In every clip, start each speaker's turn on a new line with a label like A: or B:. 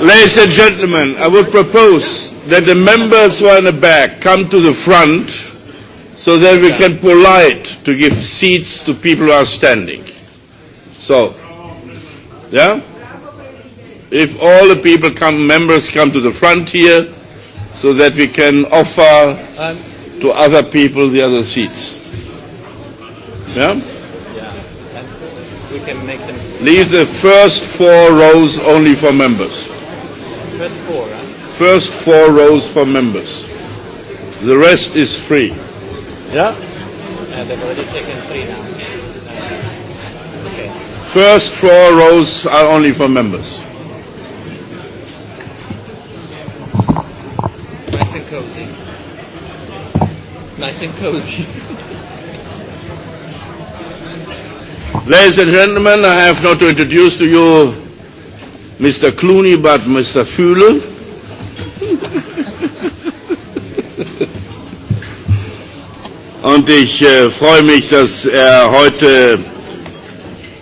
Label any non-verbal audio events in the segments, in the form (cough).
A: Ladies and gentlemen, I would propose that the members who are in the back come to the front so that we can polite to give seats to people who are standing. So, yeah? If all the people come, members come to the front here so that we can offer to other people the other seats. Yeah?
B: We can make them
A: Leave the first four rows only for members
B: first four, right?
A: First four rows for members. The rest is free. Yeah?
B: Uh, they've
C: already taken three now. Okay.
A: First four rows are only for members.
C: Nice and cozy. Nice and cozy.
A: Ladies and gentlemen, I have not to introduce to you Mr. Clooney, but Mr. Fühle. Und ich äh, freue mich, dass er heute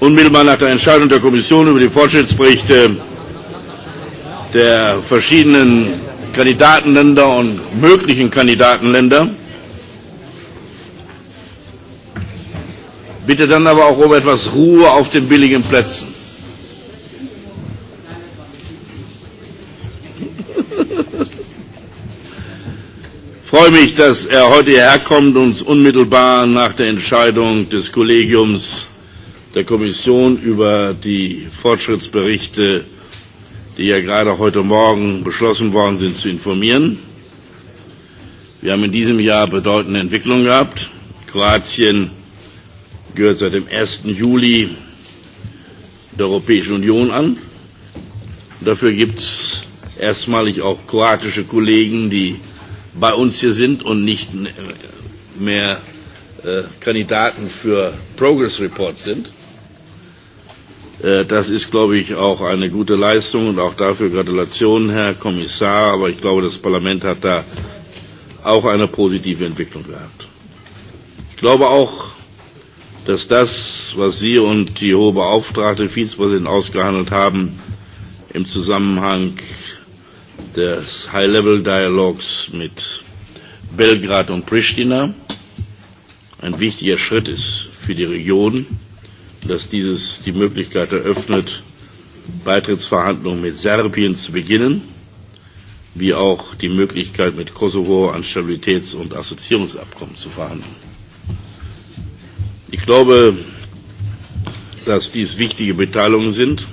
A: unmittelbar nach der Entscheidung der Kommission über die Fortschrittsberichte der verschiedenen Kandidatenländer und möglichen Kandidatenländer bitte dann aber auch um etwas Ruhe auf den billigen Plätzen. freue mich, dass er heute herkommt und uns unmittelbar nach der Entscheidung des Kollegiums der Kommission über die Fortschrittsberichte, die ja gerade heute Morgen beschlossen worden sind, zu informieren. Wir haben in diesem Jahr bedeutende Entwicklungen gehabt. Kroatien gehört seit dem 1. Juli der Europäischen Union an. Dafür gibt es erstmalig auch kroatische Kollegen, die bei uns hier sind und nicht mehr äh, Kandidaten für Progress Reports sind. Äh, das ist, glaube ich, auch eine gute Leistung und auch dafür Gratulation, Herr Kommissar. Aber ich glaube, das Parlament hat da auch eine positive Entwicklung gehabt. Ich glaube auch, dass das, was Sie und die hohe Beauftragte Vizepräsidentin ausgehandelt haben, im Zusammenhang des High-Level-Dialogs mit Belgrad und Pristina ein wichtiger Schritt ist für die Region, dass dieses die Möglichkeit eröffnet, Beitrittsverhandlungen mit Serbien zu beginnen, wie auch die Möglichkeit mit Kosovo an Stabilitäts- und Assoziierungsabkommen zu verhandeln. Ich glaube, dass dies wichtige Beteiligungen sind.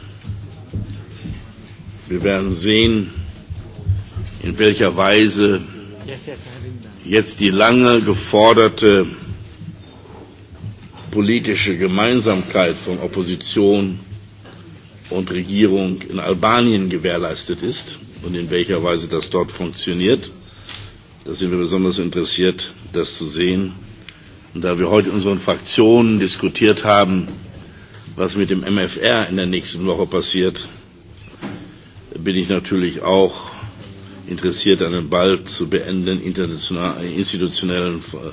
A: Wir werden sehen, in welcher Weise jetzt die lange geforderte politische Gemeinsamkeit von Opposition und Regierung in Albanien gewährleistet ist und in welcher Weise das dort funktioniert. Da sind wir besonders interessiert, das zu sehen. Und da wir heute unseren Fraktionen diskutiert haben, was mit dem MFR in der nächsten Woche passiert, bin ich natürlich auch interessiert, einen bald zu beenden internationalen, institutionellen äh,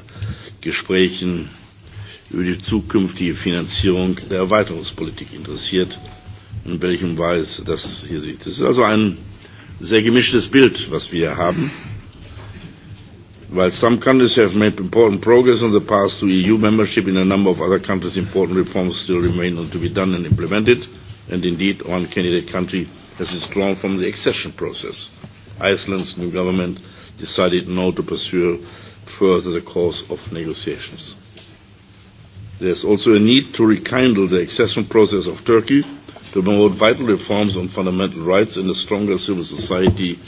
A: Gesprächen über die zukünftige Finanzierung der Erweiterungspolitik interessiert, in welchem Weise das hier sieht. Es ist also ein sehr gemischtes Bild, was wir hier haben. While some countries have made important progress on the path to EU membership, in a number of other countries important reforms still remain to be done and implemented, and indeed one candidate country has withdrawn from the accession process. Iceland's new government decided not to pursue further the course of negotiations. There is also a need to rekindle the accession process of Turkey to promote vital reforms on fundamental rights and a stronger civil society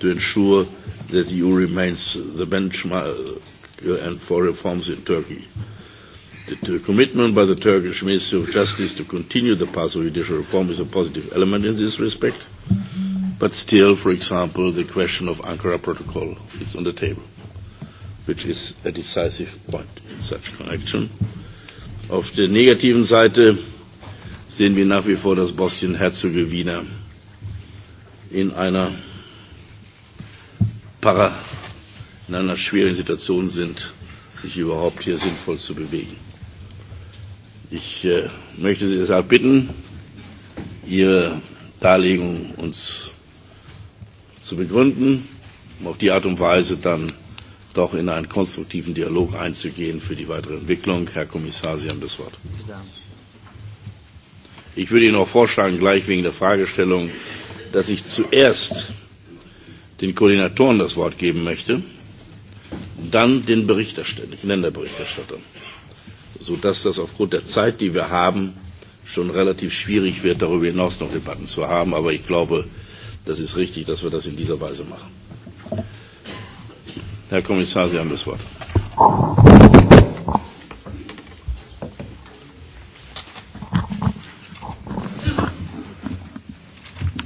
A: to ensure that the EU remains the benchmark uh, for reforms in Turkey. The commitment by the Turkish Ministry of Justice to continue the path of judicial reform is a positive element in this respect. Mm-hmm. But still, for example, the question of Ankara Protocol is on the table, which is a decisive point in such connection. Auf der negativen Seite sehen wir nach wie vor, dass Bosnien-Herzegowina in einer Para, in einer schweren Situation sind, sich überhaupt hier sinnvoll zu bewegen. Ich äh, möchte Sie deshalb bitten, Ihre Darlegung uns zu zu begründen, um auf die Art und Weise dann doch in einen konstruktiven Dialog einzugehen für die weitere Entwicklung. Herr Kommissar, Sie haben das Wort. Ich würde Ihnen auch vorschlagen, gleich wegen der Fragestellung, dass ich zuerst den Koordinatoren das Wort geben möchte, dann den Berichterstattern, Länderberichterstattern, sodass das aufgrund der Zeit, die wir haben, schon relativ schwierig wird, darüber hinaus noch Debatten zu haben. Aber ich glaube, das ist richtig, dass wir das in dieser Weise machen. Herr Kommissar, Sie haben das Wort.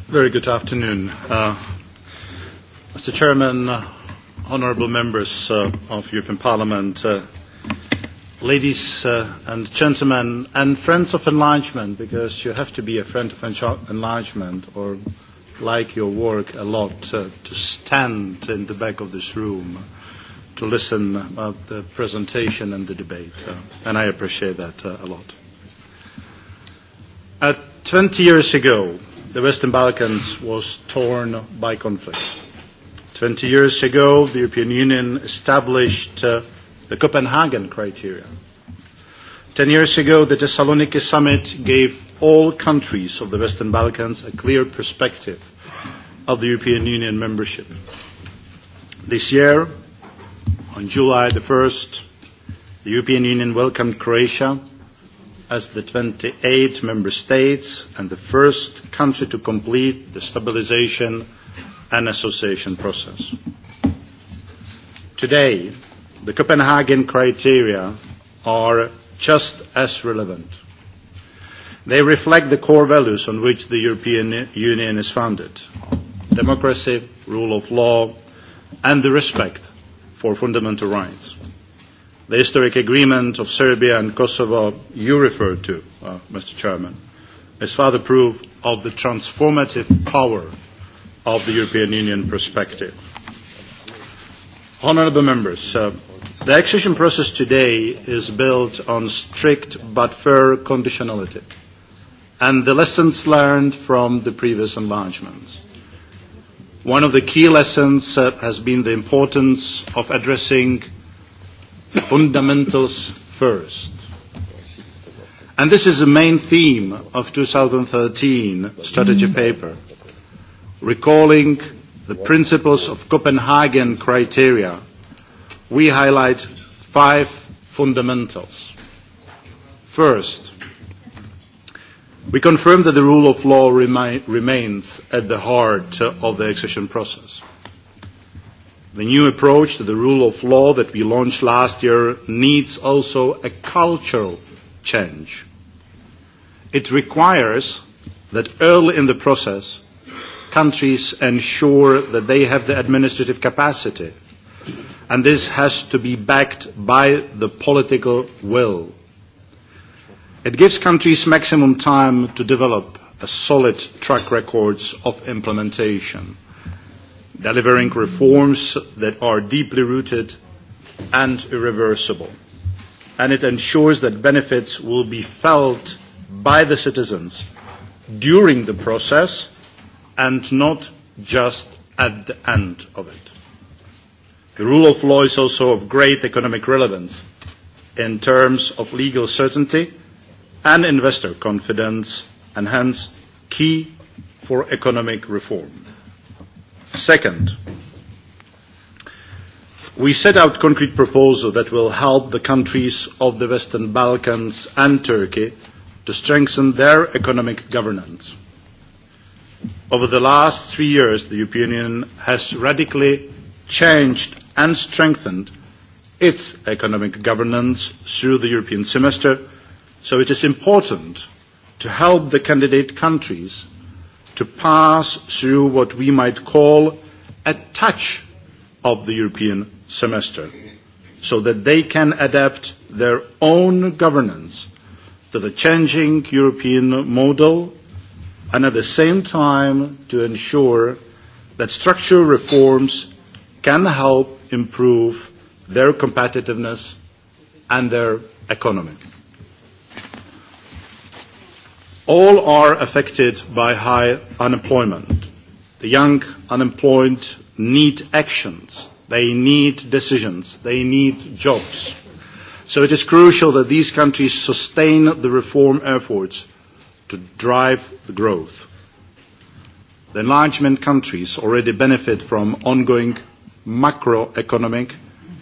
B: Very good afternoon. Uh, Mr. Chairman, uh, honorable members uh, of European Parliament, uh, ladies uh, and gentlemen, and friends of enlargement, because you have to be a friend of enlargement or like your work a lot uh, to stand in the back of this room to listen about uh, the presentation and the debate, uh, and I appreciate that uh, a lot. Uh, 20 years ago, the Western Balkans was torn by conflict. 20 years ago, the European Union established uh, the Copenhagen criteria. Ten years ago, the Thessaloniki summit gave all countries of the Western Balkans a clear perspective of the European Union membership. This year, on July the 1st, the European Union welcomed Croatia as the 28 member states and the first country to complete the stabilization and association process. Today, the Copenhagen criteria are just as relevant. They reflect the core values on which the European Union is founded democracy, rule of law, and the respect for fundamental rights. The historic agreement of Serbia and Kosovo, you referred to, uh, Mr. Chairman, is further proof of the transformative power of the European Union perspective. Honourable members, uh, The accession process today is built on strict but fair conditionality and the lessons learned from the previous enlargements. One of the key lessons uh, has been the importance of addressing fundamentals first. And this is the main theme of 2013 strategy mm-hmm. paper, recalling the principles of Copenhagen criteria we highlight five fundamentals. First, we confirm that the rule of law remi- remains at the heart of the accession process. The new approach to the rule of law that we launched last year needs also a cultural change. It requires that early in the process, countries ensure that they have the administrative capacity and this has to be backed by the political will. It gives countries maximum time to develop a solid track record of implementation, delivering reforms that are deeply rooted and irreversible. And it ensures that benefits will be felt by the citizens during the process and not just at the end of it. The rule of law is also of great economic relevance in terms of legal certainty and investor confidence, and hence key for economic reform. Second, we set out concrete proposals that will help the countries of the Western Balkans and Turkey to strengthen their economic governance. Over the last three years, the European Union has radically changed and strengthened its economic governance through the European semester, so it is important to help the candidate countries to pass through what we might call a touch of the European semester, so that they can adapt their own governance to the changing European model and at the same time to ensure that structural reforms can help improve their competitiveness and their economy. All are affected by high unemployment. The young unemployed need actions, they need decisions, they need jobs. So it is crucial that these countries sustain the reform efforts to drive the growth. The enlargement countries already benefit from ongoing macroeconomic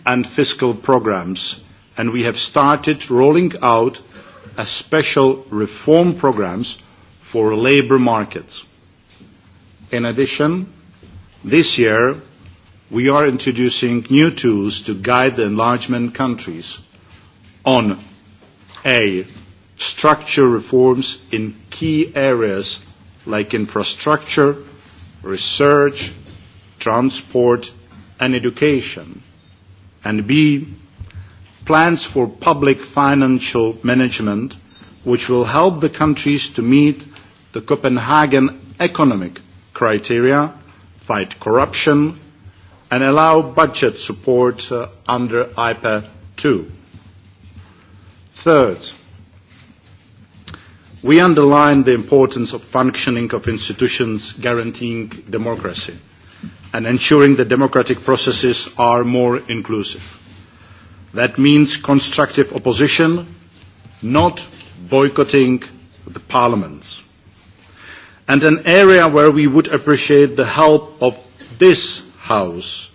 B: and fiscal programs, and we have started rolling out a special reform programs for labor markets. In addition, this year, we are introducing new tools to guide the enlargement countries on, A, structure reforms in key areas like infrastructure, research, transport, and education, and B, plans for public financial management, which will help the countries to meet the Copenhagen economic criteria, fight corruption, and allow budget support uh, under IPA 2. Third, we underline the importance of functioning of institutions guaranteeing democracy and ensuring that democratic processes are more inclusive. That means constructive opposition, not boycotting the parliaments. And an area where we would appreciate the help of this House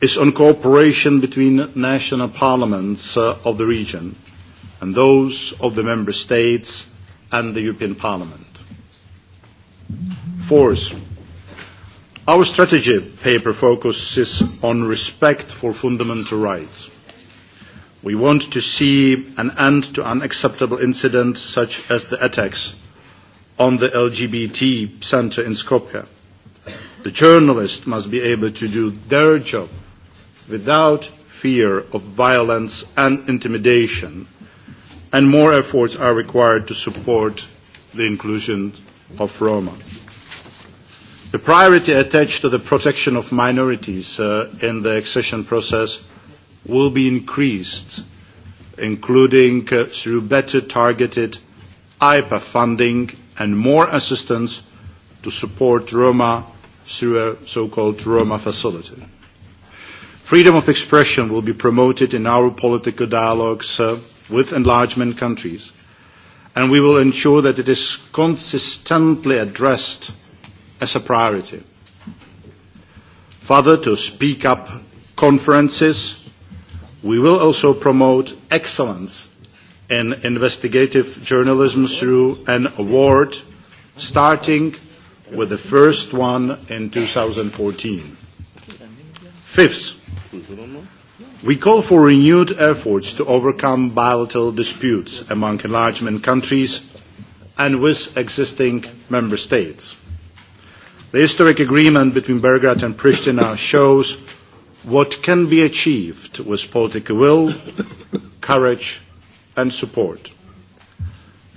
B: is on cooperation between national parliaments uh, of the region and those of the Member States and the European Parliament. Fourth, Our strategy paper focuses on respect for fundamental rights. We want to see an end to unacceptable incidents such as the attacks on the LGBT center in Skopje. The journalists must be able to do their job without fear of violence and intimidation, and more efforts are required to support the inclusion of Roma. The priority attached to the protection of minorities uh, in the accession process will be increased, including uh, through better targeted IPA funding and more assistance to support Roma through a so-called Roma facility. Freedom of expression will be promoted in our political dialogues uh, with enlargement countries, and we will ensure that it is consistently addressed as a priority. Further to speak up conferences, we will also promote excellence in investigative journalism through an award, starting with the first one in 2014. Fifth, we call for renewed efforts to overcome bilateral disputes among enlargement countries and with existing member states. The historic agreement between Belgrade and Pristina shows what can be achieved with political will, courage and support.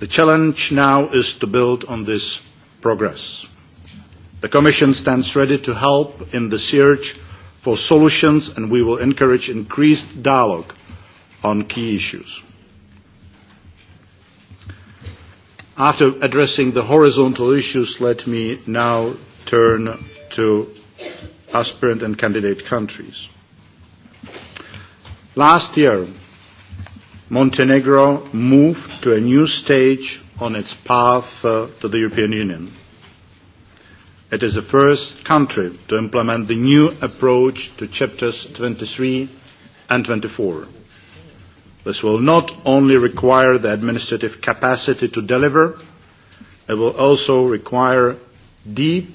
B: The challenge now is to build on this progress. The Commission stands ready to help in the search for solutions and we will encourage increased dialogue on key issues. After addressing the horizontal issues, let me now turn to aspirant and candidate countries. Last year, Montenegro moved to a new stage on its path uh, to the European Union. It is the first country to implement the new approach to chapters 23 and 24. This will not only require the administrative capacity to deliver, it will also require deep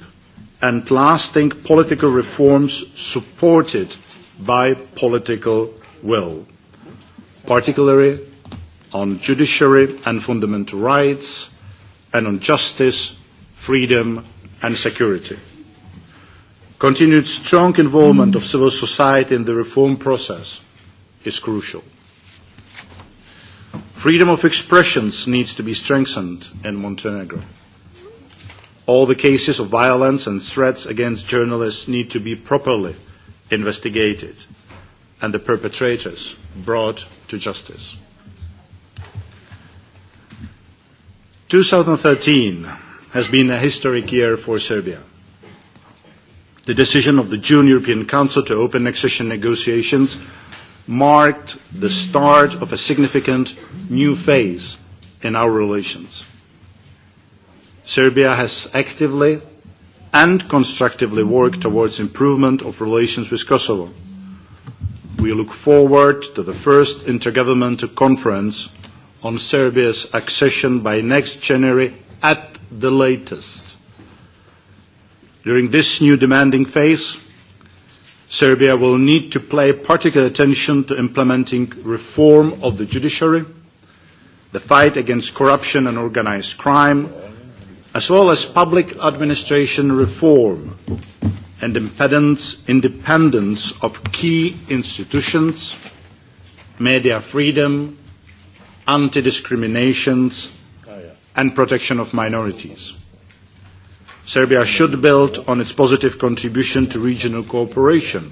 B: and lasting political reforms supported by political will, particularly on judiciary and fundamental rights, and on justice, freedom and security. Continued strong involvement of civil society in the reform process is crucial. Freedom of expressions needs to be strengthened in Montenegro. All the cases of violence and threats against journalists need to be properly investigated and the perpetrators brought to justice. 2013 has been a historic year for Serbia. The decision of the June European Council to open accession negotiations marked the start of a significant new phase in our relations. Serbia has actively and constructively worked towards improvement of relations with Kosovo. We look forward to the first intergovernmental conference on Serbia's accession by next January at the latest. During this new demanding phase, Serbia will need to pay particular attention to implementing reform of the judiciary, the fight against corruption and organized crime, as well as public administration reform and impedance, independence of key institutions, media freedom, anti-discrimination and protection of minorities. Serbia should build on its positive contribution to regional cooperation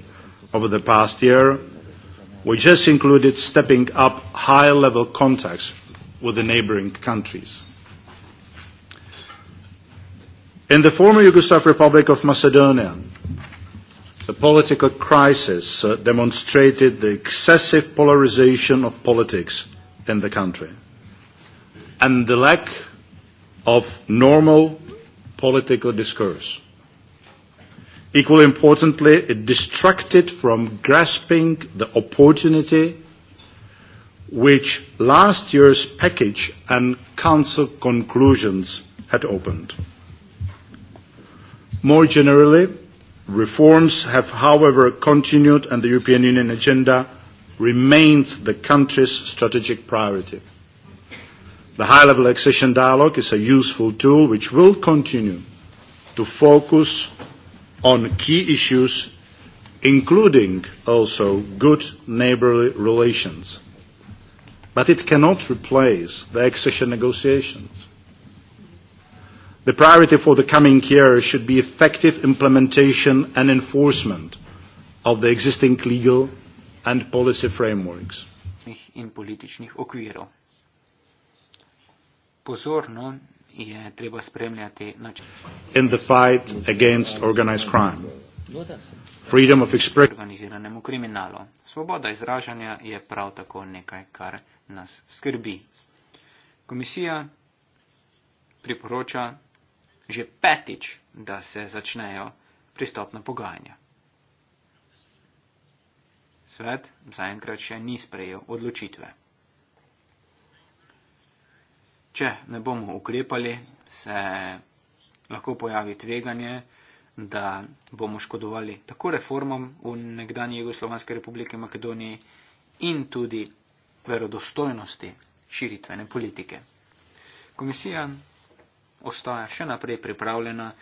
B: over the past year, which has included stepping up high-level contacts with the neighboring countries. In the former Yugoslav Republic of Macedonia, the political crisis uh, demonstrated the excessive polarization of politics in the country and the lack of normal political discourse. Equally importantly, it distracted from grasping the opportunity which last year's package and council conclusions had opened. More generally, reforms have, however, continued and the European Union agenda remains the country's strategic priority. The high-level accession dialogue is a useful tool which will continue to focus on key issues, including also good neighborly relations. But it cannot replace the accession negotiations. The priority for the coming year should be effective implementation and enforcement of the existing legal and policy frameworks.
D: In političnih okvirov. Pozorno je treba spremljati
B: in the fight against organized crime. Freedom of expression.
D: Svoboda izražanja je prav tako nekaj, kar nas skrbi. Komisija priporoča že petič, da se začnejo pristopna pogajanja. Svet zaenkrat še ni sprejel odločitve. Če ne bomo ukrepali, se lahko pojavi tveganje, da bomo škodovali tako reformam v nekdani Jugoslovanske republike Makedoniji in tudi verodostojnosti širitvene politike. Komisija ostaja še naprej pripravljena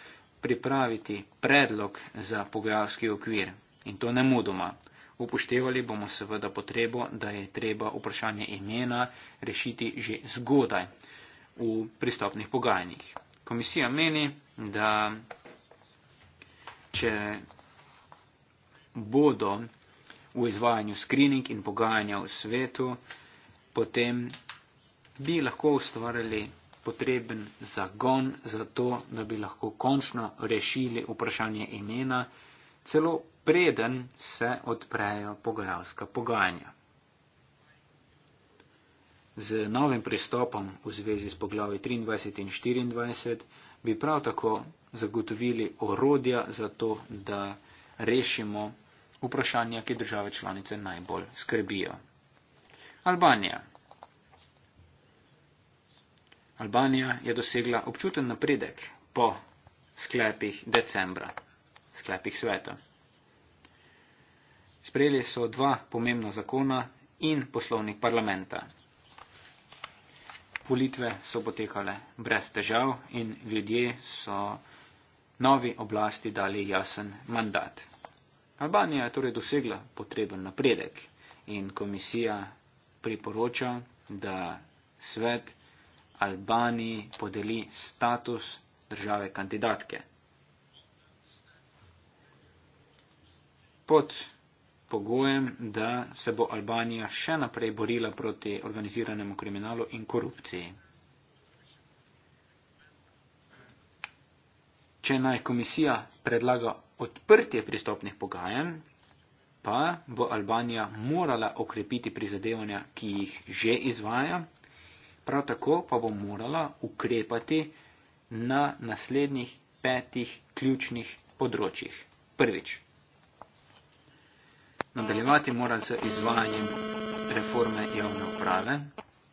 D: pripraviti predlog za pogajalski okvir in to ne mudoma. Upoštevali bomo seveda potrebo, da je treba vprašanje imena rešiti že zgodaj v pristopnih pogajanjih. Komisija meni, da če bodo v izvajanju skrining in pogajanja v svetu, potem bi lahko ustvarjali potreben zagon za to, da bi lahko končno rešili vprašanje imena, celo preden se odprejo pogajalska pogajanja. Z novim pristopom v zvezi s poglavi 23 in 24 bi prav tako zagotovili orodja za to, da rešimo vprašanja, ki države članice najbolj skrbijo. Albanija. Albanija je dosegla občuten napredek po sklepih decembra, sklepih sveta. Sprejeli so dva pomembna zakona in poslovnik parlamenta. Politve so potekale brez težav in ljudje so novi oblasti dali jasen mandat. Albanija je torej dosegla potreben napredek in komisija priporoča, da svet Albaniji podeli status države kandidatke. Pod pogojem, da se bo Albanija še naprej borila proti organiziranemu kriminalu in korupciji. Če naj komisija predlaga odprtje pristopnih pogajanj, pa bo Albanija morala okrepiti prizadevanja, ki jih že izvaja Prav tako pa bo morala ukrepati na naslednjih petih ključnih področjih. Prvič, nadaljevati mora z izvajanjem reforme javne uprave.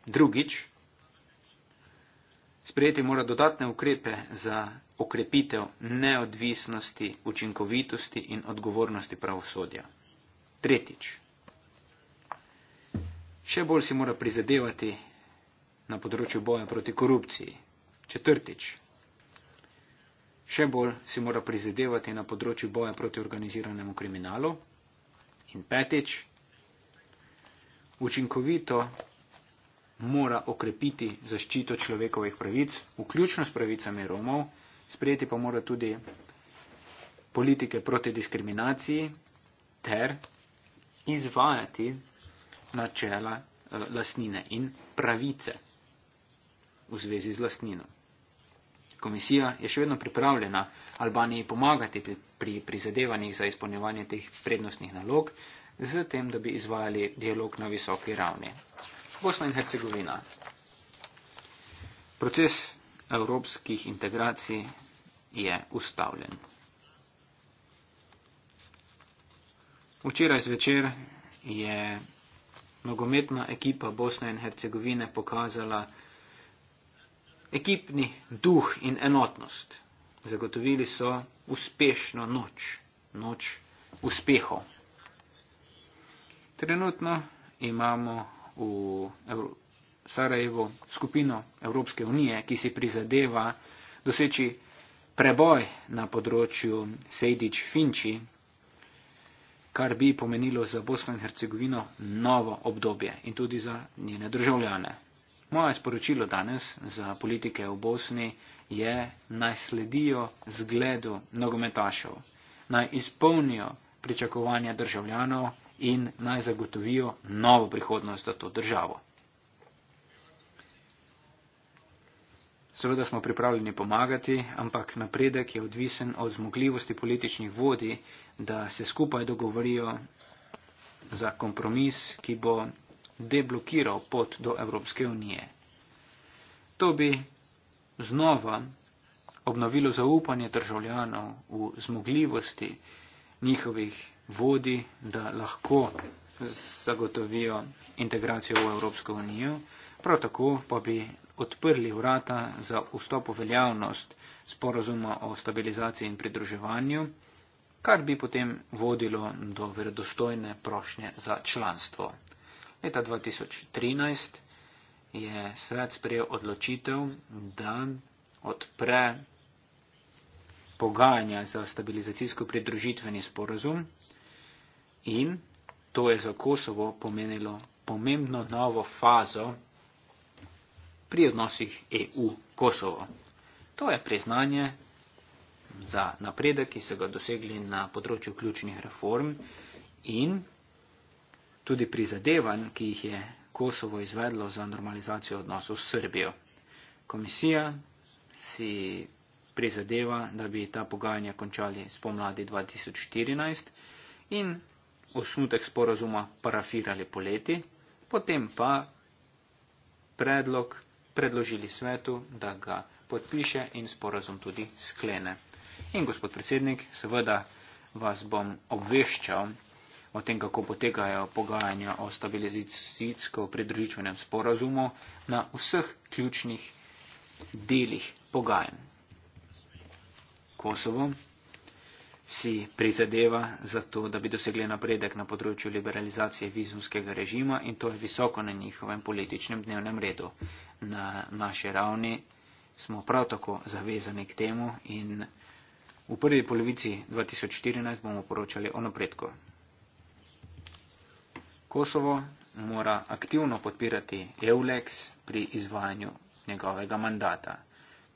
D: Drugič, sprejeti mora dodatne ukrepe za okrepitev neodvisnosti, učinkovitosti in odgovornosti pravosodja. Tretjič, še bolj si mora prizadevati na področju boja proti korupciji. Četrtič. Še bolj si mora prizadevati na področju boja proti organiziranemu kriminalu. In petič. Učinkovito mora okrepiti zaščito človekovih pravic, vključno s pravicami Romov, sprejeti pa mora tudi politike proti diskriminaciji ter izvajati načela eh, lasnine in pravice v zvezi z lastnino. Komisija je še vedno pripravljena Albaniji pomagati pri prizadevanjih za izpolnjevanje teh prednostnih nalog, z tem, da bi izvajali dialog na visoki ravni. Bosna in Hercegovina. Proces evropskih integracij je ustavljen. Včeraj zvečer je nogometna ekipa Bosne in Hercegovine pokazala, ekipni duh in enotnost. Zagotovili so uspešno noč, noč uspehov. Trenutno imamo v Evro Sarajevo skupino Evropske unije, ki si prizadeva doseči preboj na področju Sejdič-Finči, kar bi pomenilo za Bosno in Hercegovino novo obdobje in tudi za njene državljane. Moje sporočilo danes za politike v Bosni je, naj sledijo zgledu nogometašev, naj izpolnijo pričakovanja državljanov in naj zagotovijo novo prihodnost za to državo. Seveda smo pripravljeni pomagati, ampak napredek je odvisen od zmogljivosti političnih vodij, da se skupaj dogovorijo za kompromis, ki bo deblokiral pot do Evropske unije. To bi znova obnovilo zaupanje državljanov v zmogljivosti njihovih vodi, da lahko zagotovijo integracijo v Evropsko unijo, prav tako pa bi odprli vrata za vstop v veljavnost sporozuma o stabilizaciji in pridruževanju, kar bi potem vodilo do verodostojne prošnje za članstvo. Leta 2013 je svet sprejel odločitev, da odpre pogajanja za stabilizacijsko pridružitveni sporozum in to je za Kosovo pomenilo pomembno novo fazo pri odnosih EU-Kosovo. To je priznanje za napredek, ki so ga dosegli na področju ključnih reform in tudi prizadevanj, ki jih je Kosovo izvedlo za normalizacijo odnosov s Srbijo. Komisija si prizadeva, da bi ta pogajanja končali spomladi 2014 in osnutek sporazuma parafirali poleti, potem pa predlog predložili svetu, da ga podpiše in sporazum tudi sklene. In gospod predsednik, seveda vas bom obveščal, o tem, kako potekajo pogajanja o stabilizacijsko-pridružitvenem sporazumu na vseh ključnih delih pogajanj. Kosovo si prizadeva za to, da bi dosegli napredek na področju liberalizacije vizumskega režima in to je visoko na njihovem političnem dnevnem redu. Na naši ravni smo prav tako zavezani k temu in v prvi polovici 2014 bomo poročali o napredku. Kosovo mora aktivno podpirati EULEX pri izvajanju njegovega mandata.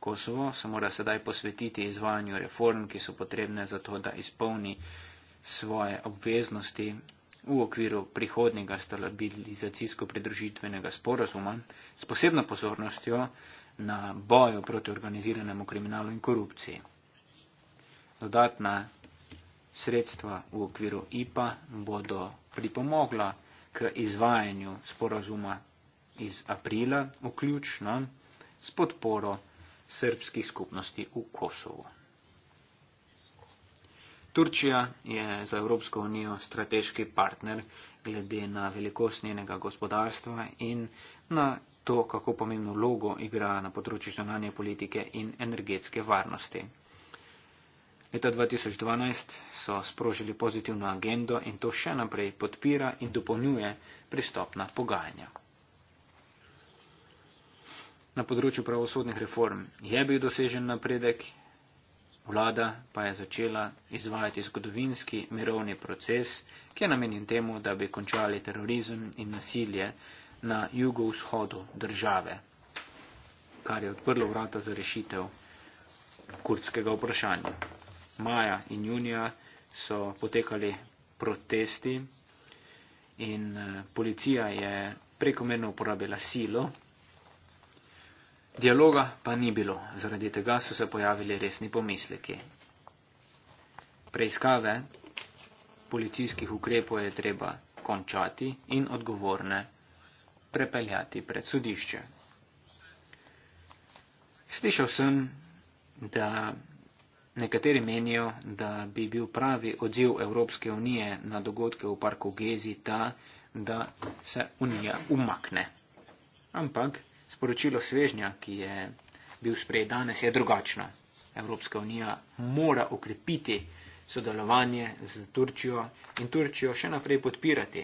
D: Kosovo se mora sedaj posvetiti izvajanju reform, ki so potrebne za to, da izpolni svoje obveznosti v okviru prihodnjega stabilizacijsko-pridružitvenega sporazuma s posebno pozornostjo na boju proti organiziranemu kriminalu in korupciji. Dodatna sredstva v okviru IPA bodo pripomogla k izvajanju sporazuma iz aprila, vključno s podporo srpskih skupnosti v Kosovo. Turčija je za Evropsko unijo strateški partner glede na velikost njenega gospodarstva in na to, kako pomembno vlogo igra na področju zunanje politike in energetske varnosti. Leta 2012 so sprožili pozitivno agendo in to še naprej podpira in dopolnjuje pristopna pogajanja. Na področju pravosodnih reform je bil dosežen napredek, vlada pa je začela izvajati zgodovinski mirovni proces, ki je namenjen temu, da bi končali terorizem in nasilje na jugovzhodu države, kar je odprlo vrata za rešitev kurdskega vprašanja maja in junija so potekali protesti in eh, policija je prekomerno uporabila silo. Dialoga pa ni bilo, zaradi tega so se pojavili resni pomisleki. Preiskave policijskih ukrepov je treba končati in odgovorne prepeljati pred sodišče. Slišal sem, da Nekateri menijo, da bi bil pravi odziv Evropske unije na dogodke v parku Gezi ta, da se unija umakne. Ampak sporočilo svežnja, ki je bil sprejet danes, je drugačno. Evropska unija mora okrepiti sodelovanje z Turčijo in Turčijo še naprej podpirati.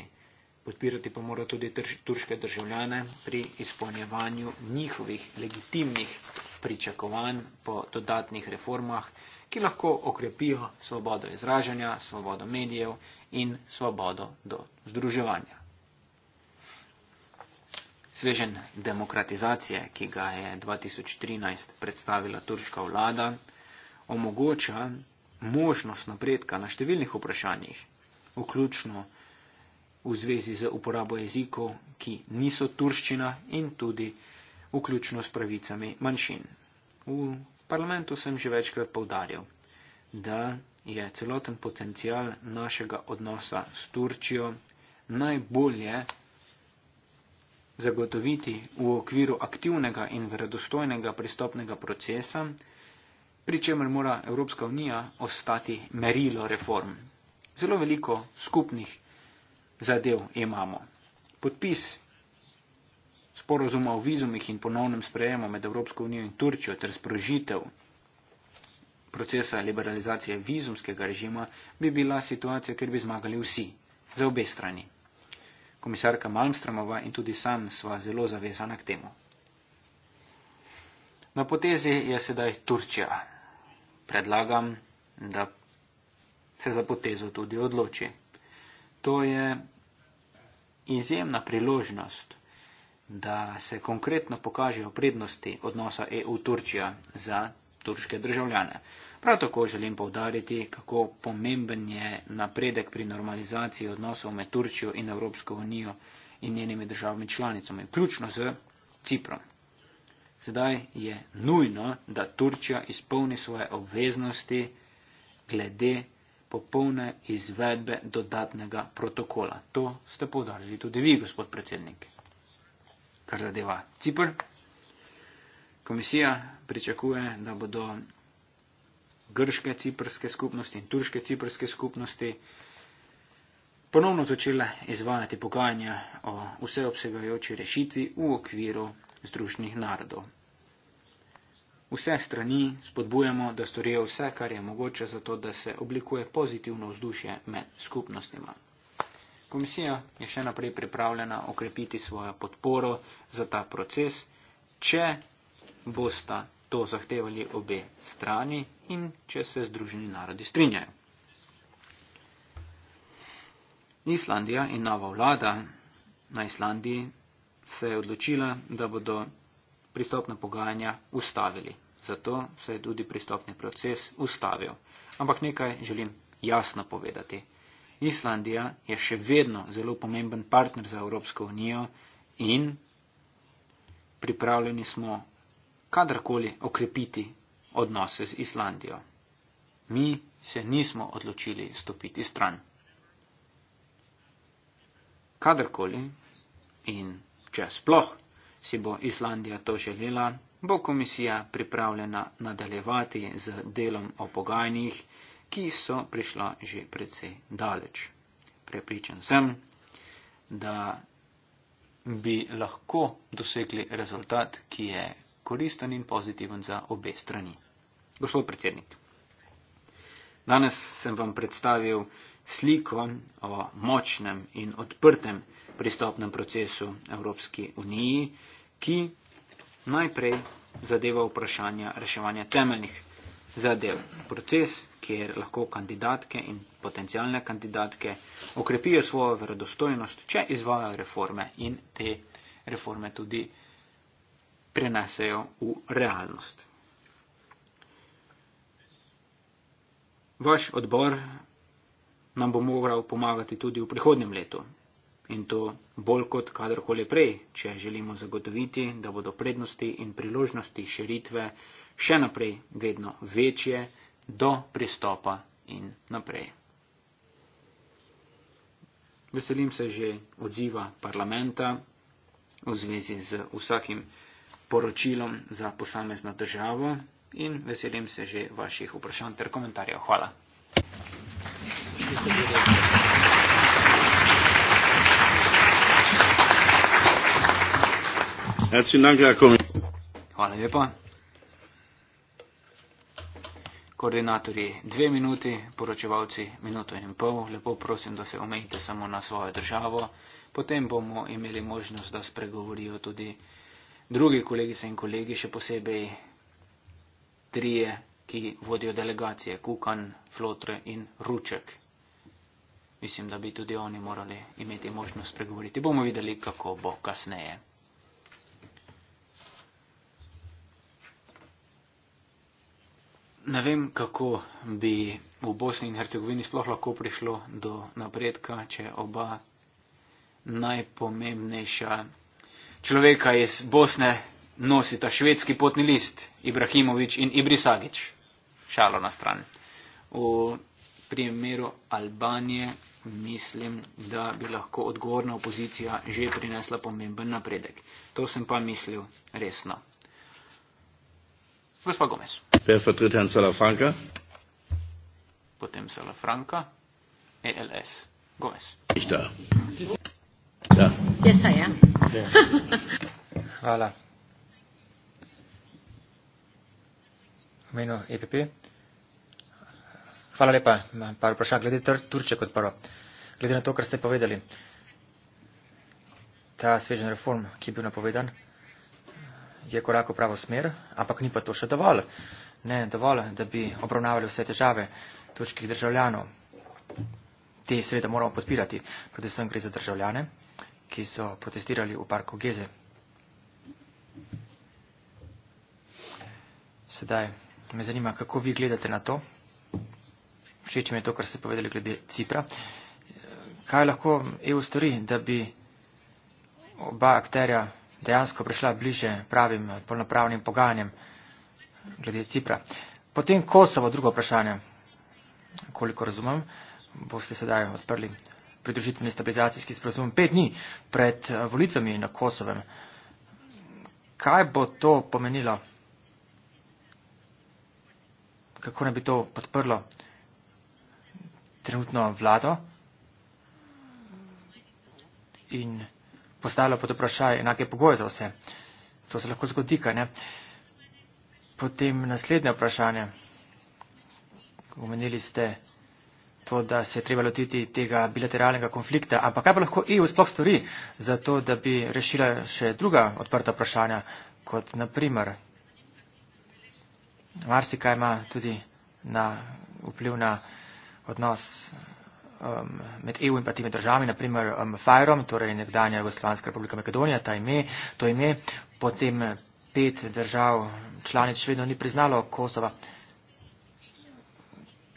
D: Podpirati pa mora tudi turške državljane pri izpolnjevanju njihovih legitimnih pričakovanj po dodatnih reformah, ki lahko okrepijo svobodo izražanja, svobodo medijev in svobodo do združevanja. Svežen demokratizacije, ki ga je 2013 predstavila turška vlada, omogoča možnost napredka na številnih vprašanjih, vključno v zvezi z uporabo jezikov, ki niso turščina in tudi turščina vključno s pravicami manjšin. V parlamentu sem že večkrat povdarjal, da je celoten potencial našega odnosa s Turčijo najbolje zagotoviti v okviru aktivnega in verodostojnega pristopnega procesa, pri čemer mora Evropska unija ostati merilo reform. Zelo veliko skupnih zadev imamo. Podpis sporozuma o vizumih in ponovnem sprejemu med Evropsko unijo in Turčijo ter sprožitev procesa liberalizacije vizumskega režima, bi bila situacija, kjer bi zmagali vsi, za obe strani. Komisarka Malmstromova in tudi sam sva zelo zavezana k temu. Na potezi je sedaj Turčija. Predlagam, da se za potezo tudi odloči. To je izjemna priložnost da se konkretno pokažejo prednosti odnosa EU-Turčija za turške državljane. Prav tako želim povdariti, kako pomemben je napredek pri normalizaciji odnosov med Turčijo in Evropsko unijo in njenimi državami članicami, vključno z Ciprom. Sedaj je nujno, da Turčija izpolni svoje obveznosti glede popolne izvedbe dodatnega protokola. To ste povdarili tudi vi, gospod predsednik kar zadeva Cipr. Komisija pričakuje, da bodo grške ciprske skupnosti in turške ciprske skupnosti ponovno začele izvajati pogajanja o vseobsegajoči rešitvi v okviru Združenih narodov. Vse strani spodbujamo, da storijo vse, kar je mogoče, zato da se oblikuje pozitivno vzdušje med skupnostima. Komisija je še naprej pripravljena okrepiti svojo podporo za ta proces, če bosta to zahtevali obe strani in če se združeni narodi strinjajo. Islandija in nova vlada na Islandiji se je odločila, da bodo pristopne pogajanja ustavili. Zato se je tudi pristopni proces ustavil. Ampak nekaj želim jasno povedati. Islandija je še vedno zelo pomemben partner za Evropsko unijo in pripravljeni smo kadarkoli okrepiti odnose z Islandijo. Mi se nismo odločili stopiti stran. Kadarkoli in če sploh si bo Islandija to želela, bo komisija pripravljena nadaljevati z delom o pogajanjih ki so prišla že precej daleč. Prepričan sem, da bi lahko dosegli rezultat, ki je koristen in pozitiven za obe strani. Gospod predsednik, danes sem vam predstavil sliko o močnem in odprtem pristopnem procesu Evropski uniji, ki najprej zadeva vprašanja reševanja temeljnih zadev. Proces, kjer lahko kandidatke in potencijalne kandidatke okrepijo svojo verodostojnost, če izvajo reforme in te reforme tudi prenesejo v realnost. Vaš odbor nam bo moral pomagati tudi v prihodnem letu in to bolj kot kadarkoli prej, če želimo zagotoviti, da bodo prednosti in priložnosti širitve še naprej vedno večje do pristopa in naprej. Veselim se že odziva parlamenta v zvezi z vsakim poročilom za posamezno državo in veselim se že vaših vprašanj ter komentarjev. Hvala. Hvala lepa koordinatorji dve minuti, poročevalci minuto in pol. Lepo prosim, da se omejite samo na svojo državo. Potem bomo imeli možnost, da spregovorijo tudi drugi kolegice in kolegi, še posebej trije, ki vodijo delegacije Kukan, Flotre in Ruček. Mislim, da bi tudi oni morali imeti možnost spregovoriti. Bomo videli, kako bo kasneje. Ne vem, kako bi v Bosni in Hercegovini sploh lahko prišlo do napredka, če oba najpomembnejša človeka iz Bosne nosita švedski potni list, Ibrahimovič in Ibrisagič. Šalo na stran. V primeru Albanije mislim, da bi lahko odgovorna opozicija že prinesla pomemben napredek. To sem pa mislil resno. Gospod Gomez.
A: Wer vertritt Herrn Salafranca?
D: Potem Salafranca, ELS. Gomez.
A: Ich da.
C: Ja. Yes, I am. Ja. Hvala. Meno EPP. Hvala lepa. Imam par vprašanj. Glede tr Turčje kot prvo. Glede na to, kar ste povedali, ta svežen reform, ki je bil napovedan, je korak v pravo smer, ampak ni pa to še dovolj. Ne dovolj, da bi obravnavali vse težave turških državljanov. Te sreda moramo podpirati, predvsem gre za državljane, ki so protestirali v parku Geze. Sedaj me zanima, kako vi gledate na to. Všeč mi je to, kar ste povedali glede Cipra. Kaj lahko EU stori, da bi oba akterja dejansko prišla bliže pravim polnopravnim pogajanjem glede Cipra. Potem Kosovo, drugo vprašanje, koliko razumem, boste sedaj odprli pridružitveni stabilizacijski sporozum pet dni pred eh, volitvami na Kosovem. Kaj bo to pomenilo? Kako ne bi to podprlo trenutno vlado? In postavlja pod vprašaj enake pogoje za vse. To se lahko zgodi, kaj ne. Potem naslednje vprašanje. Omenili ste to, da se je treba lotiti tega bilateralnega konflikta, ampak kaj pa lahko EU sploh stori za to, da bi rešila še druga odprta vprašanja, kot naprimer. Marsika ima tudi na vpliv na odnos um, med EU in pa temi državami, naprimer um, Fajrom, torej nekdanja Jugoslovanska republika Makedonija, ta ime, to ime, potem eh, pet držav članic še vedno ni priznalo Kosova.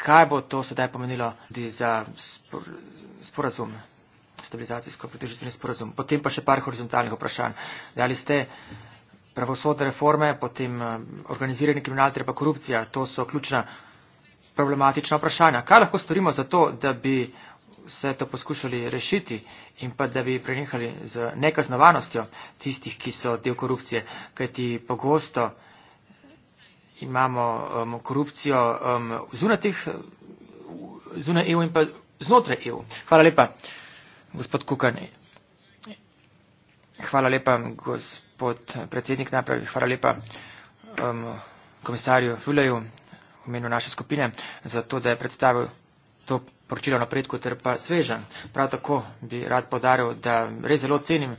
C: Kaj bo to sedaj pomenilo tudi za sporazum, stabilizacijsko pritožitveni sporazum? Potem pa še par horizontalnih vprašanj. Dali ste pravosodne reforme, potem eh, organizirani kriminal, treba korupcija, to so ključna problematična vprašanja. Kaj lahko storimo za to, da bi vse to poskušali rešiti in pa da bi prenehali z nekaznovanostjo tistih, ki so del korupcije, kajti pogosto imamo um, korupcijo um, zunaj teh, zunaj EU in pa znotraj EU. Hvala lepa, gospod Kukan. Hvala lepa, gospod predsednik, najprej hvala lepa um, komisarju Fuleju imenu naše skupine, zato da je predstavil to poročilo napredku ter pa sveža. Prav tako bi rad podaril, da res zelo cenim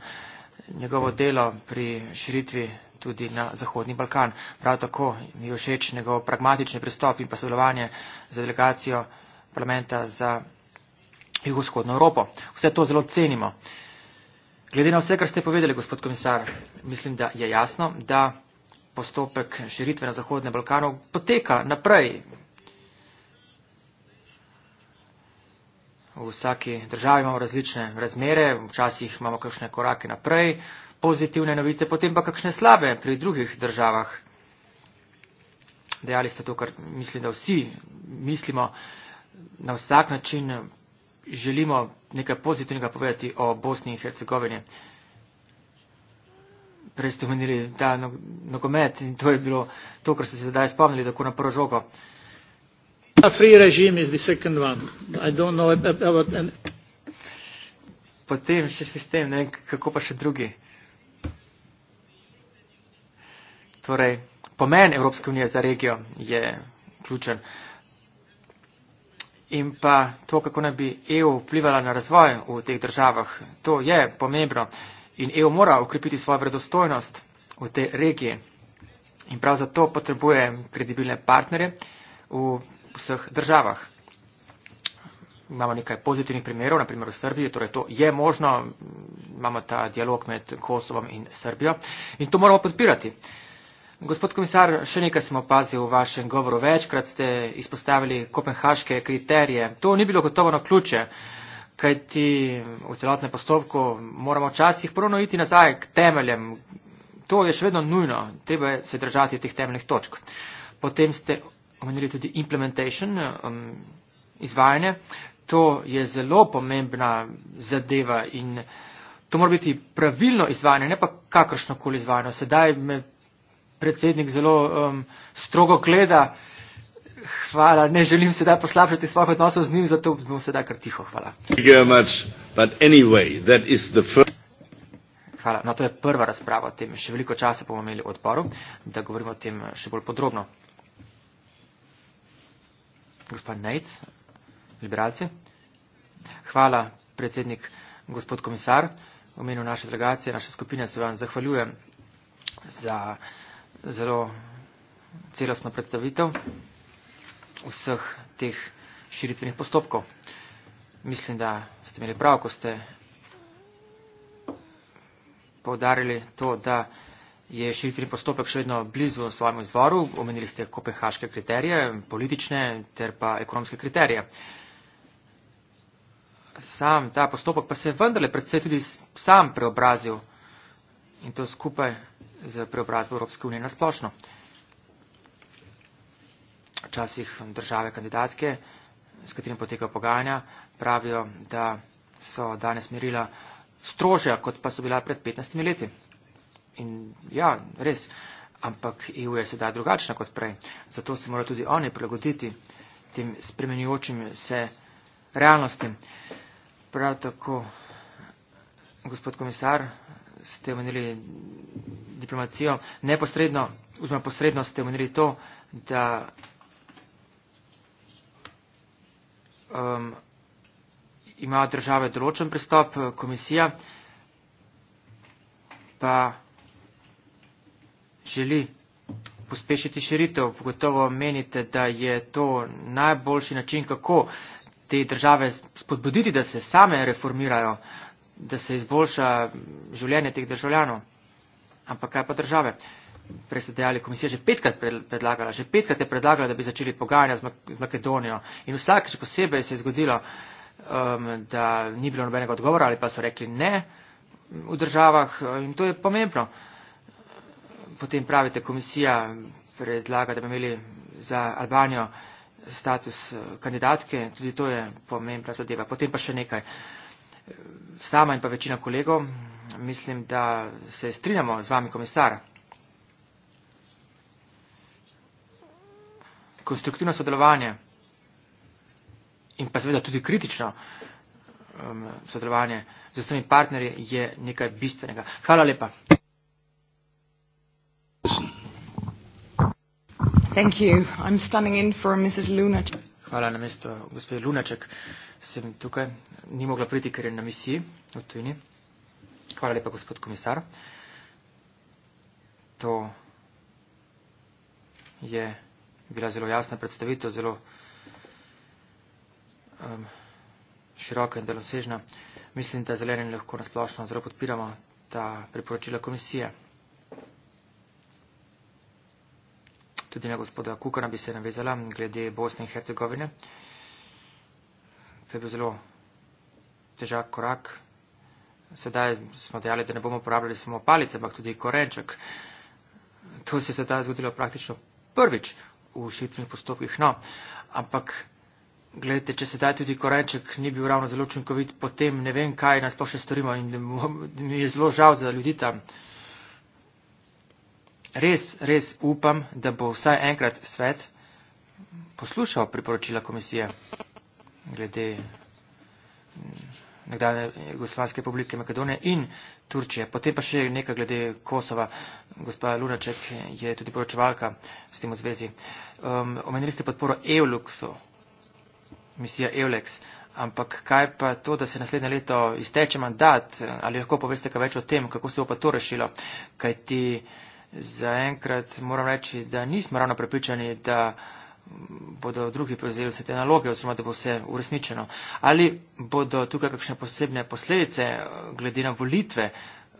C: njegovo delo pri širitvi tudi na Zahodni Balkan. Prav tako mi je všeč njegov pragmatični pristop in pa sodelovanje za delegacijo parlamenta za jugovzhodno Evropo. Vse to zelo cenimo. Glede na vse, kar ste povedali, gospod komisar, mislim, da je jasno, da postopek širitve na Zahodnem Balkanu poteka naprej. V vsaki državi imamo različne razmere, včasih imamo kakšne korake naprej, pozitivne novice, potem pa kakšne slabe pri drugih državah. Dejali ste to, kar mislim, da vsi mislimo. Na vsak način želimo nekaj pozitivnega povedati o Bosni in Hercegovini prej ste omenili ta no, nogomet in to je bilo to, kar ste se zdaj spomnili, tako na prvo žogo. Potem še sistem, ne, kako pa še drugi. Torej, pomen Evropske unije za regijo je ključen. In pa to, kako naj bi EU vplivala na razvoj v teh državah, to je pomembno. In EU mora ukrepiti svojo vredostojnost v tej regiji. In prav zato potrebuje kredibilne partnere v vseh državah. Imamo nekaj pozitivnih primerov, naprimer v Srbiji, torej to je možno, imamo ta dialog med Kosovom in Srbijo in to moramo podpirati. Gospod komisar, še nekaj sem opazil v vašem govoru, večkrat ste izpostavili kopenhaške kriterije. To ni bilo gotovo na ključe. Uh, kajti v celotnem postopku moramo včasih prvo iti nazaj k temeljem. To je še vedno nujno, treba se držati teh temeljnih točk. Potem ste omenili tudi implementation, um, izvajanje. To je zelo pomembna zadeva in to mora biti pravilno izvajanje, ne pa kakršnokoli izvajanje. Sedaj me predsednik zelo um, strogo gleda, uh, hvala, ne želim se da poslabšati svojih odnosov z njim, zato bom se da kar tiho. Hvala. Hvala. No, to je prva razprava o tem. Še veliko časa bomo imeli v odboru, da govorimo o tem še bolj podrobno. Gospod Nejc, liberalci. Hvala, predsednik, gospod komisar. V imenu naše delegacije, naše skupine se vam zahvaljujem za zelo celostno predstavitev vseh teh širitvenih postopkov. Mislim, da ste imeli prav, ko ste povdarili to, da je širitveni postopek še vedno blizu svojemu izvoru. Omenili ste kopehaške kriterije, politične ter pa ekonomske kriterije. Sam ta postopek pa se je vendarle predvsej tudi sam preobrazil in to skupaj z preobrazbo Evropske unije na splošno včasih države kandidatke, s katerim potekajo pogajanja, pravijo, da so danes merila strožja, kot pa so bila pred 15 leti. In ja, res, ampak EU je sedaj drugačna kot prej. Zato se morajo tudi oni prilagoditi tem spremenjujočim se realnostim. Prav tako, gospod komisar, ste omenili diplomacijo, neposredno, oziroma posredno ste omenili to, da um, ima države določen pristop, eh, komisija pa želi pospešiti širitev. Pogotovo menite, da je to najboljši način, kako te države spodbuditi, da se same reformirajo, da se izboljša življenje teh državljanov. Ampak kaj pa države? prej ste dejali, komisija že petkrat predlagala, že petkrat je predlagala, da bi začeli pogajanja z Makedonijo in vsakeč posebej se je zgodilo, um, da ni bilo nobenega odgovora ali pa so rekli ne v državah uh, in to je pomembno. Potem pravite, komisija predlaga, da bi imeli za Albanijo status uh, kandidatke, tudi to je pomembna zadeva. Potem pa še nekaj. Sama in pa večina kolegov, mislim, da se strinjamo z vami, komisar, konstruktivno sodelovanje in pa seveda tudi kritično um, sodelovanje z vsemi partnerji je nekaj bistvenega. Hvala lepa.
E: Thank you. I'm standing in for Mrs. Lunaček.
C: Hvala na mesto gospod Lunaček. Sem tukaj. Ni mogla priti, ker je na misiji v Tujini. Hvala lepa, gospod komisar. To je yeah bila zelo jasna predstavitev, zelo um, široka in delosežna. Mislim, da zeleni lahko nasplošno zelo podpiramo ta priporočila komisije. Tudi na gospoda Kukana bi se navezala glede Bosne in Hercegovine. To je bil zelo težak korak. Sedaj smo dejali, da ne bomo uporabljali samo palice, ampak tudi korenček. To se je sedaj zgodilo praktično prvič v ušitvenih postopkih. No, ampak gledajte, če se daj tudi korenček ni bil ravno zelo učinkovit, potem ne vem, kaj nas sploh še storimo in mi je zelo žal za ljudi tam. Res, res upam, da bo vsaj enkrat svet poslušal priporočila komisije glede nekdanje Jugoslavijske republike Makedonije in Turčije. Potem pa še nekaj glede Kosova. Gospa Lunaček je tudi poročevalka s tem v zvezi. Um, omenili ste podporo EULUX-u, misija EULEX, ampak kaj pa to, da se naslednje leto izteče mandat, ali lahko poveste kaj več o tem, kako se bo pa to rešilo, kaj ti zaenkrat moram reči, da nismo ravno prepričani, da bodo drugi prevzeli vse te naloge, oziroma da bo vse uresničeno. Ali bodo tukaj kakšne posebne posledice eh, glede na volitve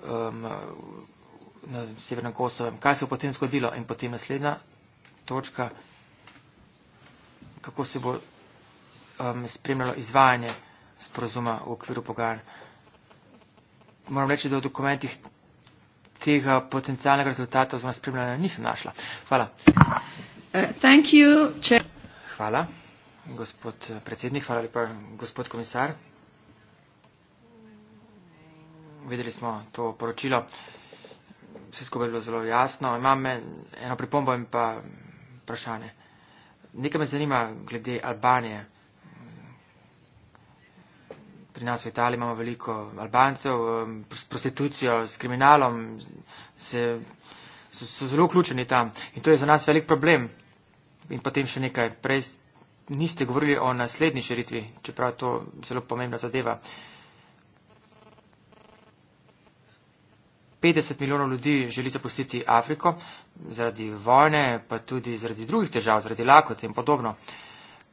C: um, na Severnem Kosovem? Kaj se bo potem zgodilo? In potem naslednja točka, kako se bo um, spremljalo izvajanje sporozuma v okviru pogajanj. Moram reči, da v dokumentih tega potencijalnega rezultata oziroma spremljanja nisem našla. Hvala. Uh, hvala, gospod predsednik, hvala lepa, gospod komisar. Videli smo to poročilo, vse skupaj je bilo zelo jasno. Imam eno pripombo in pa vprašanje. Nekaj me zanima glede Albanije. Pri nas v Italiji imamo veliko Albancev, um, s prostitucijo, s kriminalom se so, so zelo vključeni tam in to je za nas velik problem. In potem še nekaj, prej niste govorili o naslednji širitvi, čeprav to zelo pomembna zadeva. 50 milijonov ljudi želi zapustiti Afriko zaradi vojne, pa tudi zaradi drugih težav, zaradi lakote in podobno.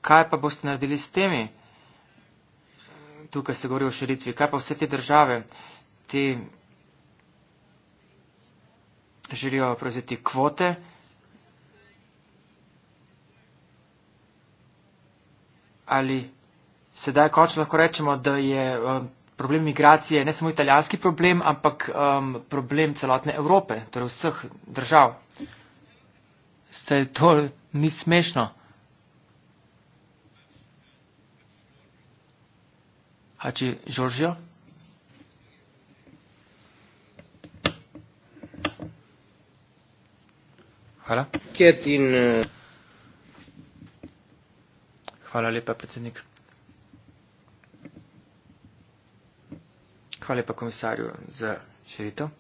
C: Kaj pa boste naredili s temi? Tukaj se govori o širitvi. Kaj pa vse te države, te želijo prevzeti kvote. Ali sedaj končno lahko rečemo, da je um, problem migracije ne samo italijanski problem, ampak um, problem celotne Evrope, torej vseh držav. Se to ni smešno. Hači, Žoržijo? Hvala. In, uh... Eh? Hvala lepa, predsednik. Hvala lepa komisarju za širito,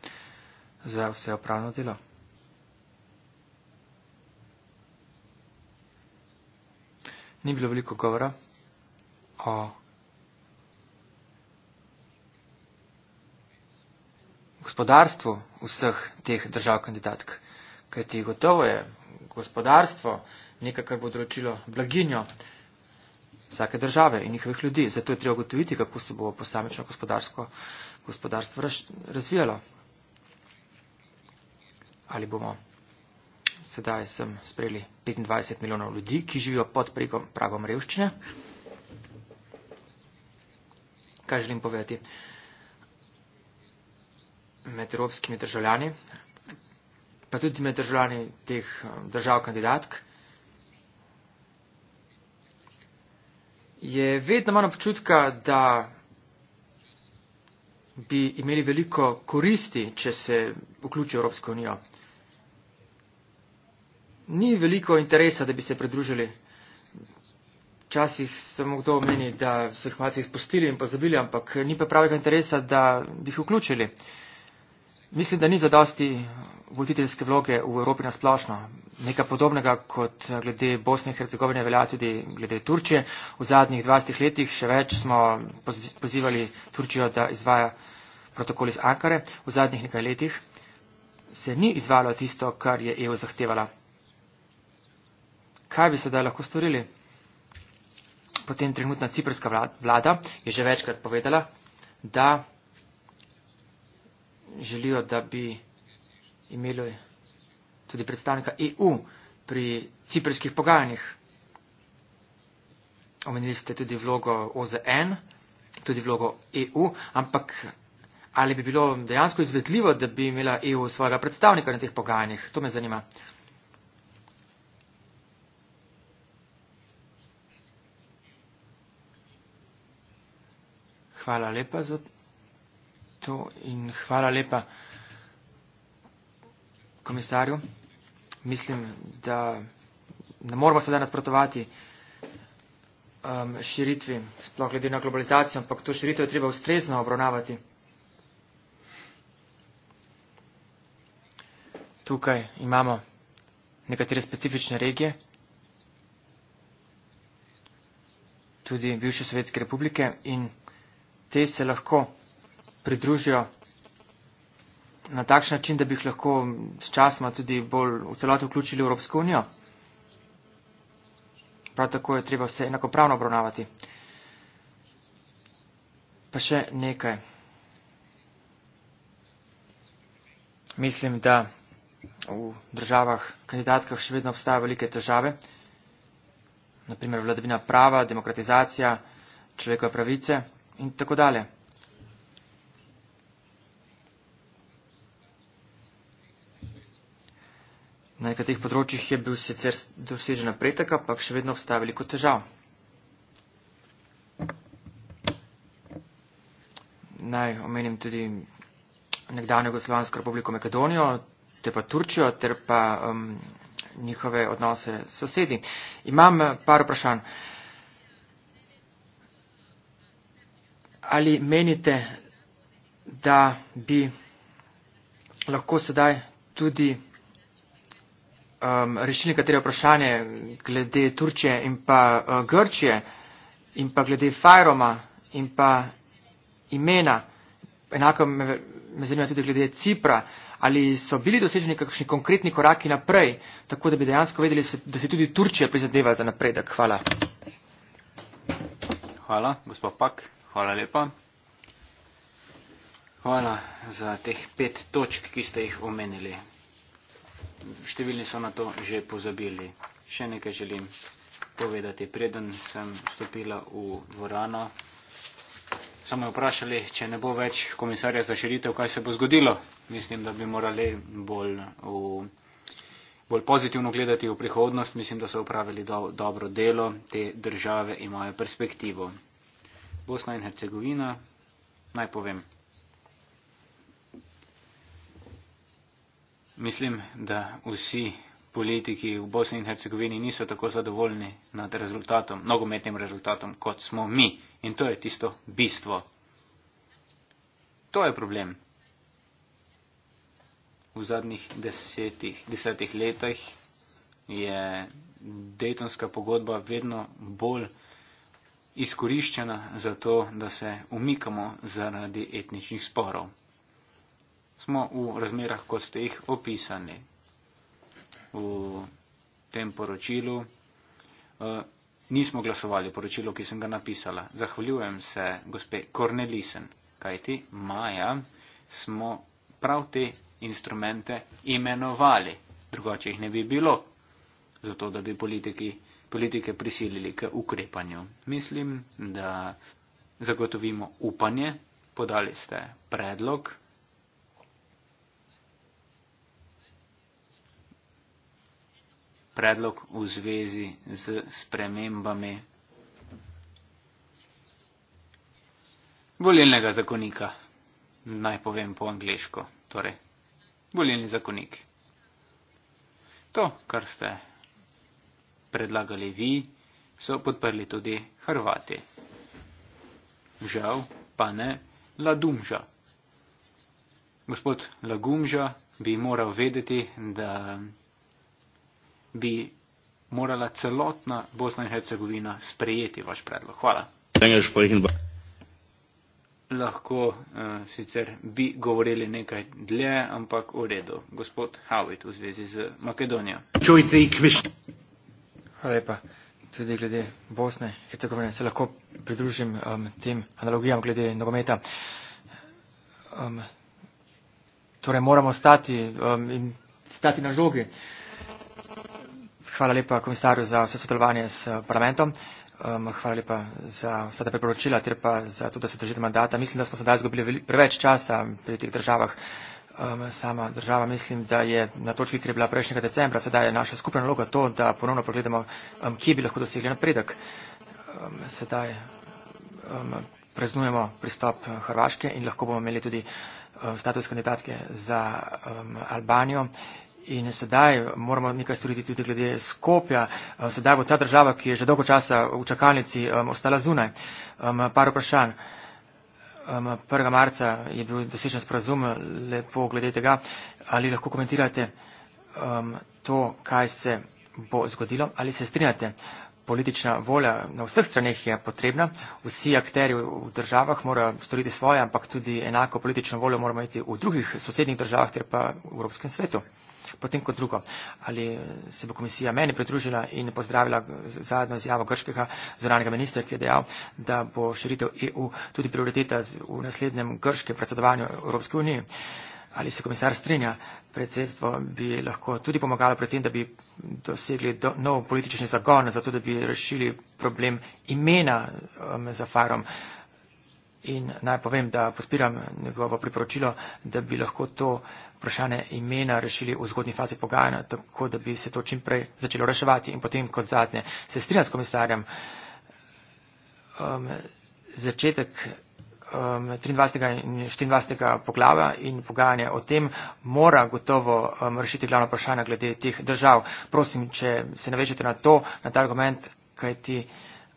C: za vse opravno delo. Ni bilo veliko govora o gospodarstvu vseh teh držav kandidatk. Kajti gotovo je gospodarstvo nekaj, kar bo odročilo blaginjo vsake države in njihovih ljudi. Zato je treba gotoviti, kako se bo posamično gospodarsko gospodarstvo razvijalo. Ali bomo sedaj sem sprejeli 25 milijonov ljudi, ki živijo pod pragom revščine. Kaj želim povedati? Med evropskimi državljani pa tudi med državljani teh eh, držav kandidatk, je vedno manj občutka, da bi imeli veliko koristi, če se vključi Evropsko unijo. Ni veliko interesa, da bi se pridružili. Včasih samo kdo meni, da so jih malce izpustili in pozabili, ampak ni pa pravega interesa, da bi jih vključili. Uh, Mislim, da ni zadosti voditeljske vloge v Evropi nasplošno. Nekaj podobnega kot glede Bosne in Hercegovine velja tudi glede Turčije. V zadnjih 20 letih še več smo pozivali Turčijo, da izvaja protokol iz Ankare. V zadnjih nekaj letih se ni izvalo tisto, kar je EU zahtevala. Kaj bi sedaj lahko storili? Potem trenutna ciprska vlada je že večkrat povedala, da želijo, da bi imeli tudi predstavnika EU pri ciprskih pogajanjih. Omenili ste tudi vlogo OZN, tudi vlogo EU, ampak ali bi bilo dejansko izvedljivo, da bi imela EU svojega predstavnika na teh pogajanjih? To me zanima. Hvala lepa za to in hvala lepa komisarju. Mislim, da ne moramo sedaj nasprotovati um, širitvi, sploh glede na globalizacijo, ampak to širitev je treba ustrezno obravnavati tukaj imamo nekatere specifične regije, tudi bivše Sovjetske republike in te se lahko pridružijo na takšen način, da bi jih lahko s časoma tudi bolj v celoti vključili v Evropsko unijo. Prav tako je treba vse enakopravno obravnavati. Pa še nekaj. Mislim, da v državah kandidatkah še vedno obstaja velike težave. Naprimer vladavina prava, demokratizacija, človekove pravice in tako dalje. Na nekaterih področjih je bil sicer dosežen napredek, ampak še vedno obstaja veliko težav. Naj omenim tudi nekdanje Jugoslovansko republiko Makedonijo, te pa Turčijo, ter pa um, njihove odnose s sosedi. Imam eh, par vprašanj. Ali menite, da bi lahko sedaj tudi um, rešili nekatere vprašanje glede Turčije in pa uh, Grčije in pa glede Fajroma in pa imena. Enako me, me zanima tudi glede Cipra. Ali so bili doseženi kakšni konkretni koraki naprej, tako da bi dejansko vedeli, da se tudi Turčija prizadeva za napredek? Hvala.
D: Hvala, gospod Pak. Hvala lepa. Hvala za teh pet točk, ki ste jih omenili številni so na to že pozabili. Še nekaj želim povedati. Preden sem stopila v dvorano, so me vprašali, če ne bo več komisarja za širitev, kaj se bo zgodilo. Mislim, da bi morali bolj, v, bolj pozitivno gledati v prihodnost. Mislim, da so upravili do, dobro delo, te države imajo perspektivo. Bosna in Hercegovina, naj povem, Mislim, da vsi politiki v Bosni in Hercegovini niso tako zadovoljni nad rezultatom, nogometnim rezultatom, kot smo mi. In to je tisto bistvo. To je problem. V zadnjih desetih, desetih letih je Daytonska pogodba vedno bolj izkoriščena za to, da se umikamo zaradi etničnih sporov smo v razmerah, kot ste jih opisali v tem poročilu. Eh, nismo glasovali poročilo, ki sem ga napisala. Zahvaljujem se gospe Kornelisen, kajti maja smo prav te instrumente imenovali, drugače jih ne bi bilo, zato da bi politiki, politike prisilili k ukrepanju. Mislim, da zagotovimo upanje, podali ste predlog. predlog v zvezi z spremembami volilnega zakonika. Naj povem po angliško, torej volilni zakonik. To, kar ste predlagali vi, so podprli tudi Hrvati. Žal pa ne Ladumža. Gospod Lagumža bi moral vedeti, da bi morala celotna Bosna in Hercegovina sprejeti vaš predlog. Hvala. Lahko uh, sicer bi govorili nekaj dlje, ampak v redu. Gospod Howitt v zvezi z
C: Makedonijo. Hvala lepa. Tudi glede Bosne in Hercegovine se lahko pridružim um, tem analogijam glede nogometa. Um, torej moramo stati um, in stati na žogi. Uh, Hvala lepa komisarju za vse sodelovanje s eh, parlamentom. Ehm, hvala lepa za vse te priporočila, ter pa za to, da se držite mandata. Mislim, da smo sedaj izgubili preveč časa pri teh državah. Ehm, sama država mislim, da je na točki, ki je bila prejšnjega decembra, sedaj je naša skupna naloga to, da ponovno pogledamo, ehm, kje bi lahko dosegli napredek. Sedaj preznujemo pristop eh, Hrvaške in lahko bomo imeli tudi eh, status kandidatke za Albanijo. In sedaj moramo nekaj storiti tudi glede Skopja. Eh, sedaj bo ta država, ki je že dolgo časa v čakalnici, um, ostala zunaj. Um, par vprašanj. Um, 1. marca je bil dosežen sprazum, lepo glede tega. Ali lahko komentirate um, to, kaj se bo zgodilo? Ali se strinjate? Politična volja na vseh straneh je potrebna, vsi akteri v državah morajo storiti svoje, ampak tudi enako politično voljo moramo imeti v drugih sosednjih državah ter pa v Evropskem svetu potem kot drugo. Ali se bo komisija meni pridružila in pozdravila zadnjo izjavo grškega zoranega ministra, ki je dejal, da bo širitev EU tudi prioriteta v naslednjem grškem predsedovanju Evropske unije. Ali se komisar strinja, predsedstvo bi lahko tudi pomagalo pri tem, da bi dosegli do, nov politični zagon, zato da bi rešili problem imena um, za farom. In naj povem, da podpiram njegovo priporočilo, da bi lahko to vprašanje imena rešili v zgodni fazi pogajanja, tako da bi se to čim prej začelo reševati in potem kot zadnje. Se strinjam s komisarjem, um, začetek um, 23. in 24. poglava in pogajanje o tem mora gotovo um, rešiti glavno vprašanje glede teh držav. Prosim, če se navežete na to, na ta argument, kaj ti.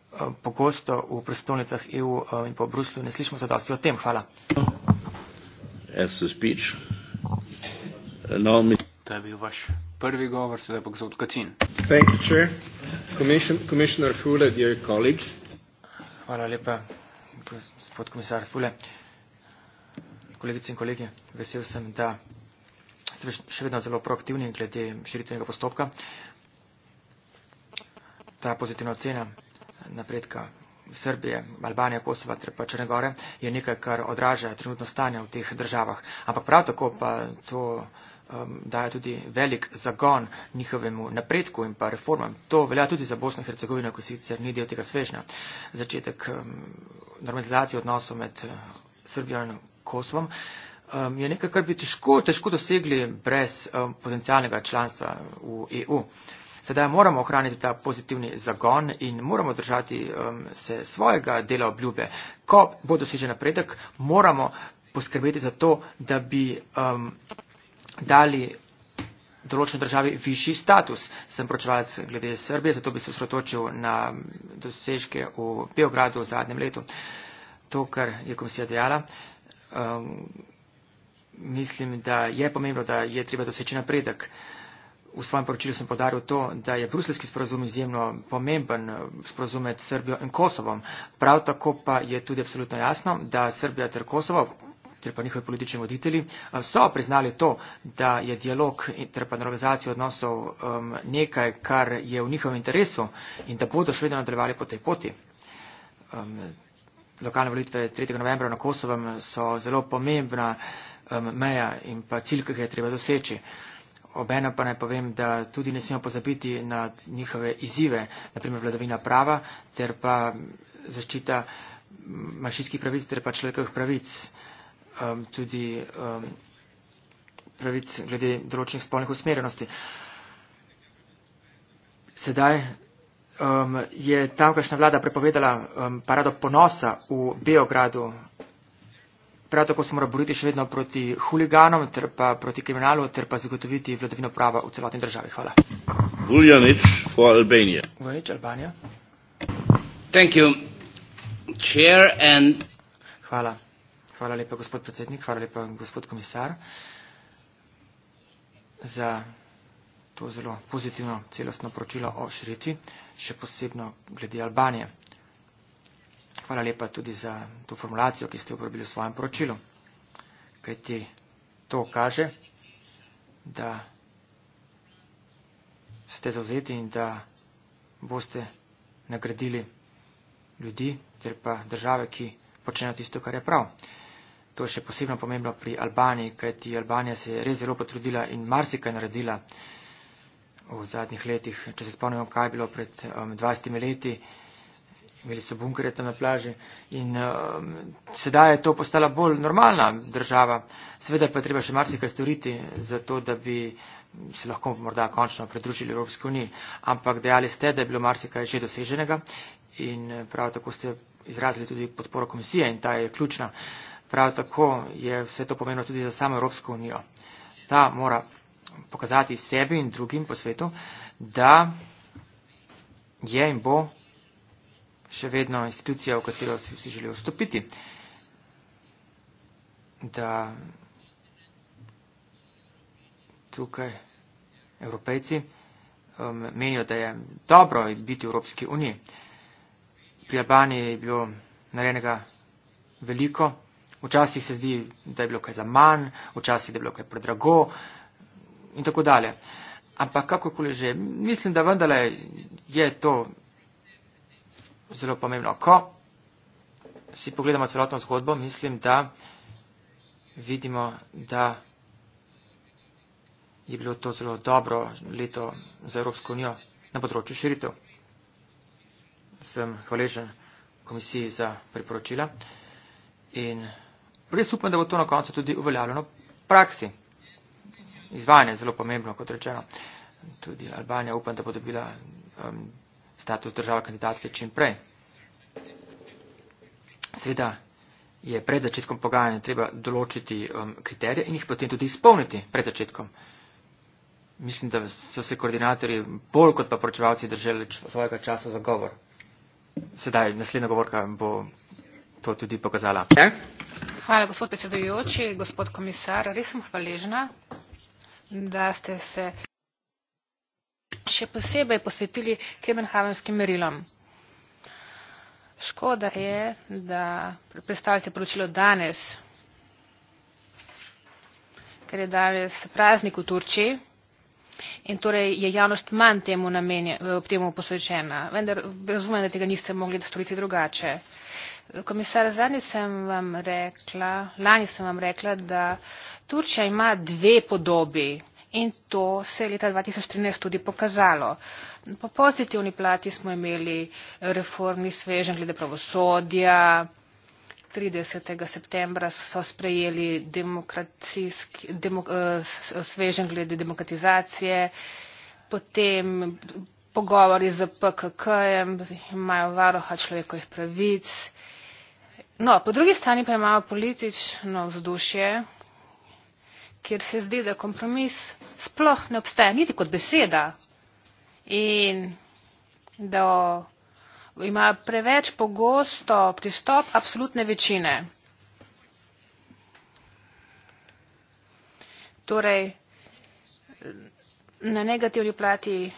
C: Eh, pogosto v predstavnicah EU eh, in po Bruslju ne slišimo zadosti o tem. Hvala.
A: No, to je bil vaš prvi
D: govor, sedaj pa gospod Kacin.
C: Hvala lepa, gospod komisar Fule. Kolegice in kolegi, vesel sem, da ste še vedno zelo proaktivni glede širitvenega postopka. Ta pozitivna ocena napredka Srbije, Albanije, Kosova, Trpa, Črnegore, je nekaj, kar odraža trenutno stanje v teh državah. Ampak prav tako pa to um, daje tudi velik zagon njihovemu napredku in pa reformam. To velja tudi za Bosno in Hercegovino, ko sicer ni del tega svežna. Začetek um, normalizacije odnosov med uh, Srbijo in Kosovom um, je nekaj, kar bi težko, težko dosegli brez um, potencialnega članstva v EU. Sedaj moramo ohraniti ta pozitivni zagon in moramo držati um, se svojega dela obljube. Ko bo dosežen napredek, moramo poskrbeti za to, da bi um, dali določeni državi višji status. Sem pročevalec glede Srbije, zato bi se osredotočil na um, dosežke v Beogradu v zadnjem letu. To, kar je komisija dejala, um, mislim, da je pomembno, da je treba doseči napredek. Uh, V svojem poročilu sem podaril to, da je bruselski sporazum izjemno pomemben eh, sporazum med Srbijo in Kosovom. Prav tako pa je tudi absolutno jasno, da Srbija ter Kosovo ter pa njihovi politični voditelji, eh, so priznali to, da je dialog ter pa normalizacija odnosov um, nekaj, kar je v njihovem interesu in da bodo še vedno nadaljevali po tej poti. Um, lokalne volitve 3. novembra na Kosovem so zelo pomembna um, meja in pa cilj, ki jih je treba doseči obenem pa naj povem, da tudi ne smemo pozabiti na njihove izzive, naprimer vladavina prava ter pa zaščita manjšinskih pravic ter pa človekovih pravic, um, tudi um, pravic glede določenih spolnih usmerjenosti. Sedaj um, je tamkajšnja vlada prepovedala um, parado ponosa v Beogradu Prav tako se mora boriti še vedno proti huliganom ter pa proti kriminalu ter pa zagotoviti vladavino prava v celotni državi. Hvala.
A: Vujanič for Albania.
C: Vujanič, Albanija. Thank you. Chair and... Hvala. Hvala lepa, gospod predsednik. Hvala lepa, gospod komisar, za to zelo pozitivno celostno poročilo o širitvi, še posebno glede Albanije hvala lepa tudi za to formulacijo, ki ste uporabili v svojem poročilu. Kajti to kaže, da ste zauzeti in da boste nagradili ljudi ter pa države, ki počnejo tisto, kar je prav. To je še posebno pomembno pri Albaniji, kajti Albanija se je res zelo potrudila in marsikaj naredila v zadnjih letih. Če se spomnimo, kaj je bilo pred um, 20 leti, imeli so bunkerje tam na plaži in um, sedaj je to postala bolj normalna država. Seveda pa je treba še marsikaj storiti za to, da bi se lahko morda končno pridružili Evropske unije, ampak dejali ste, da je bilo marsikaj že doseženega in eh, prav tako ste izrazili tudi podporo komisije in ta je ključna. Prav tako je vse to pomenilo tudi za samo Evropsko unijo. Ta mora pokazati sebi in drugim po svetu, da je in bo še vedno institucija, v katero si vsi želijo vstopiti. Da tukaj evropejci um, menijo, da je dobro biti v Evropski uniji. Pri Albaniji je bilo narejenega veliko, včasih se zdi, da je bilo kaj za manj, včasih je bilo kaj predrago in tako dalje. Ampak kakorkoli že, mislim, da vendarle je to zelo pomembno. Ko si pogledamo celotno zgodbo, mislim, da vidimo, da je bilo to zelo dobro leto za Evropsko unijo na področju širitev. Sem hvaležen komisiji za priporočila in res upam, da bo to na koncu tudi uveljavljeno v praksi. Izvajanje je zelo pomembno, kot rečeno. Tudi Albanija upam, da bo dobila um, status države kandidatke čim prej. Seveda je pred začetkom pogajanja treba določiti um, kriterije in jih potem tudi izpolniti pred začetkom. Mislim, da so se koordinatorji bolj kot pa poročevalci držali svojega časa za govor. Sedaj naslednja govorka bo to tudi pokazala.
E: Hvala, gospod predsedujoči, gospod komisar. Res sem hvaležna, da ste se še posebej posvetili Kemenhavenskim merilom. Škoda je, da predstavljate poročilo danes, ker je danes praznik v Turčiji in torej je javnost manj temu, namenje, temu posvečena. Vendar razumem, da tega niste mogli storiti drugače. Komisar, zadnji sem vam rekla, lani sem vam rekla, da Turčija ima dve podobi in to se je leta 2013 tudi pokazalo. Po pozitivni plati smo imeli reformni svežen glede pravosodja. 30. septembra so sprejeli demo, eh, svežen glede demokratizacije, potem pogovori z PKK-jem, imajo varoha človekovih pravic. No, po drugi strani pa imajo politično vzdušje, kjer se zdi, da kompromis sploh ne obstaja niti kot beseda in da ima preveč pogosto pristop absolutne večine. Torej, na negativni plati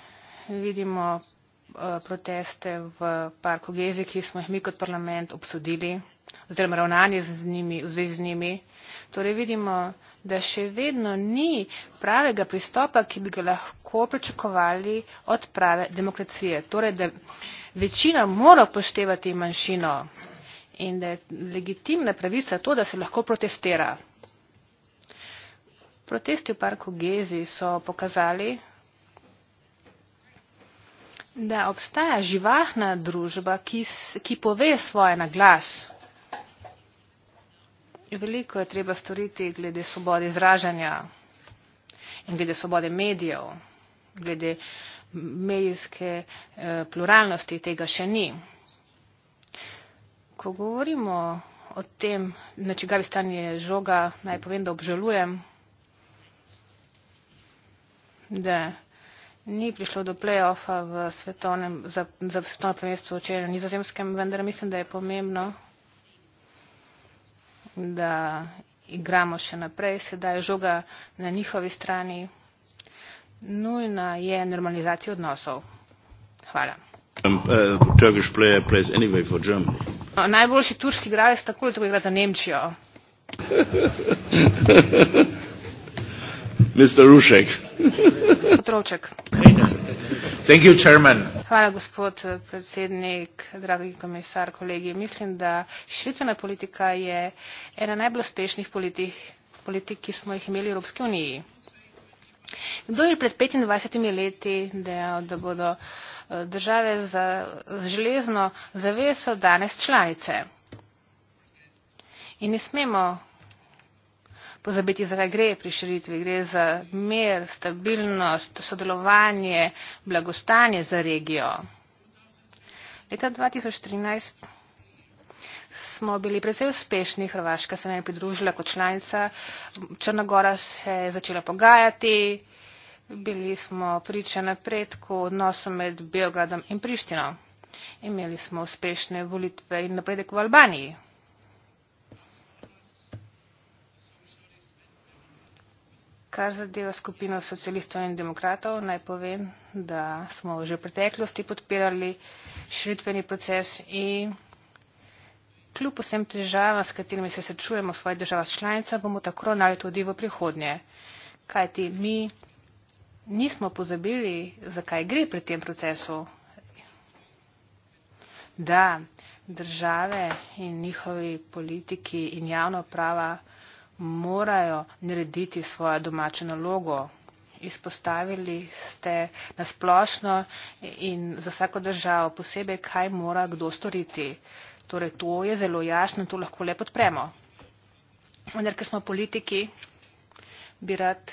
E: vidimo eh, proteste v parku Gezi, ki smo jih mi kot parlament obsodili oziroma ravnanje z njimi, v zvezi z njimi. Torej vidimo da še vedno ni pravega pristopa, ki bi ga lahko pričakovali od prave demokracije. Torej, da večina mora poštevati manjšino in da je legitimna pravica to, da se lahko protestira. Protesti v parku Gezi so pokazali, da obstaja živahna družba, ki, ki pove svoje naglas. Veliko je treba storiti glede svobode izražanja in glede svobode medijev, glede medijske eh, pluralnosti tega še ni. Ko govorimo o tem, na čigavi stanje je žoga, naj povem, da obžalujem, da ni prišlo do play-offa za, za svetovno prvenstvo včeraj na nizozemskem, vendar mislim, da je pomembno da igramo še naprej. Sedaj je žoga na njihovi strani. Nujna je normalizacija odnosov. Hvala. Um, uh, no, najboljši turški igralec tako ali tako igra za Nemčijo. (laughs)
A: Mr. Rušek.
E: Otroček. Hvala, gospod eh, predsednik, dragi komisar, kolegi. Mislim, da širitvena politika je ena najbolj uspešnih politik, politik, ki smo jih imeli v Evropski uniji. Kdo je pred 25 leti dejal, da bodo eh, države za železno zaveso danes članice? In ne smemo pozabiti, zakaj gre pri širitvi. Gre za mer, stabilnost, sodelovanje, blagostanje za regijo. Leta 2013 smo bili precej uspešni, Hrvaška se nam je pridružila kot članica, Črnagora se je začela pogajati, bili smo priča napredku odnosu med Beogradom in Prištino. Imeli smo uspešne volitve in napredek v Albaniji. Kar zadeva skupino socialistov in demokratov, naj povem, da smo že v preteklosti podpirali širitveni proces in kljub vsem težavam, s katerimi se srečujemo v svoji državi članica, bomo tako ravnali tudi v prihodnje. Kajti mi nismo pozabili, zakaj gre pri tem procesu. Da države in njihovi politiki in javno prava morajo narediti svojo domačo nalogo. Izpostavili ste nasplošno in za vsako državo posebej, kaj mora kdo storiti. Torej, to je zelo jasno, to lahko le podpremo. Vendar, ker smo politiki, bi rad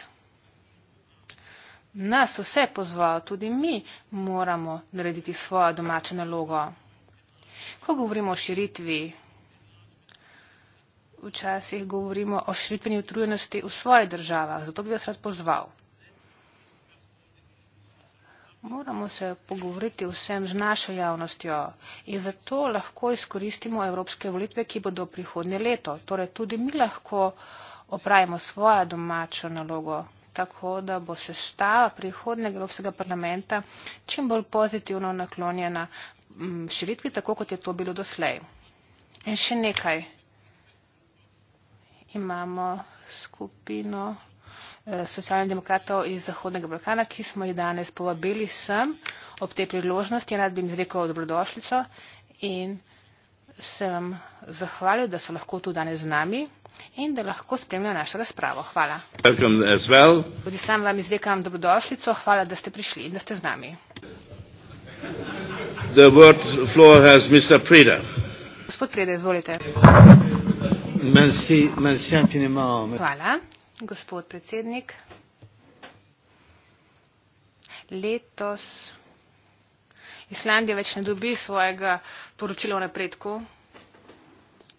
E: nas vse pozval, tudi mi moramo narediti svojo domačo nalogo. Ko govorimo o širitvi, včasih govorimo o širitveni utrujenosti v svojih državah. Zato bi vas rad pozval. Moramo se pogovoriti vsem z našo javnostjo in zato lahko izkoristimo evropske volitve, ki bodo prihodnje leto. Torej tudi mi lahko opravimo svojo domačo nalogo, tako da bo sestava prihodnega Evropskega parlamenta čim bolj pozitivno naklonjena mm, širitvi, tako kot je to bilo doslej. In še nekaj imamo skupino eh, socialnih demokratov iz Zahodnega Balkana, ki smo jih danes povabili sem ob tej priložnosti. Rad bi jim zrekel dobrodošlico in se vam zahvalil, da so lahko tu danes z nami in da lahko spremljajo našo razpravo. Hvala. Well. Tudi sam vam izrekam dobrodošlico. Hvala, da ste prišli in da ste z nami. Gospod Preda, izvolite. Thank you. Hvala, gospod predsednik. Letos Islandija več ne dobi svojega poročila o napredku.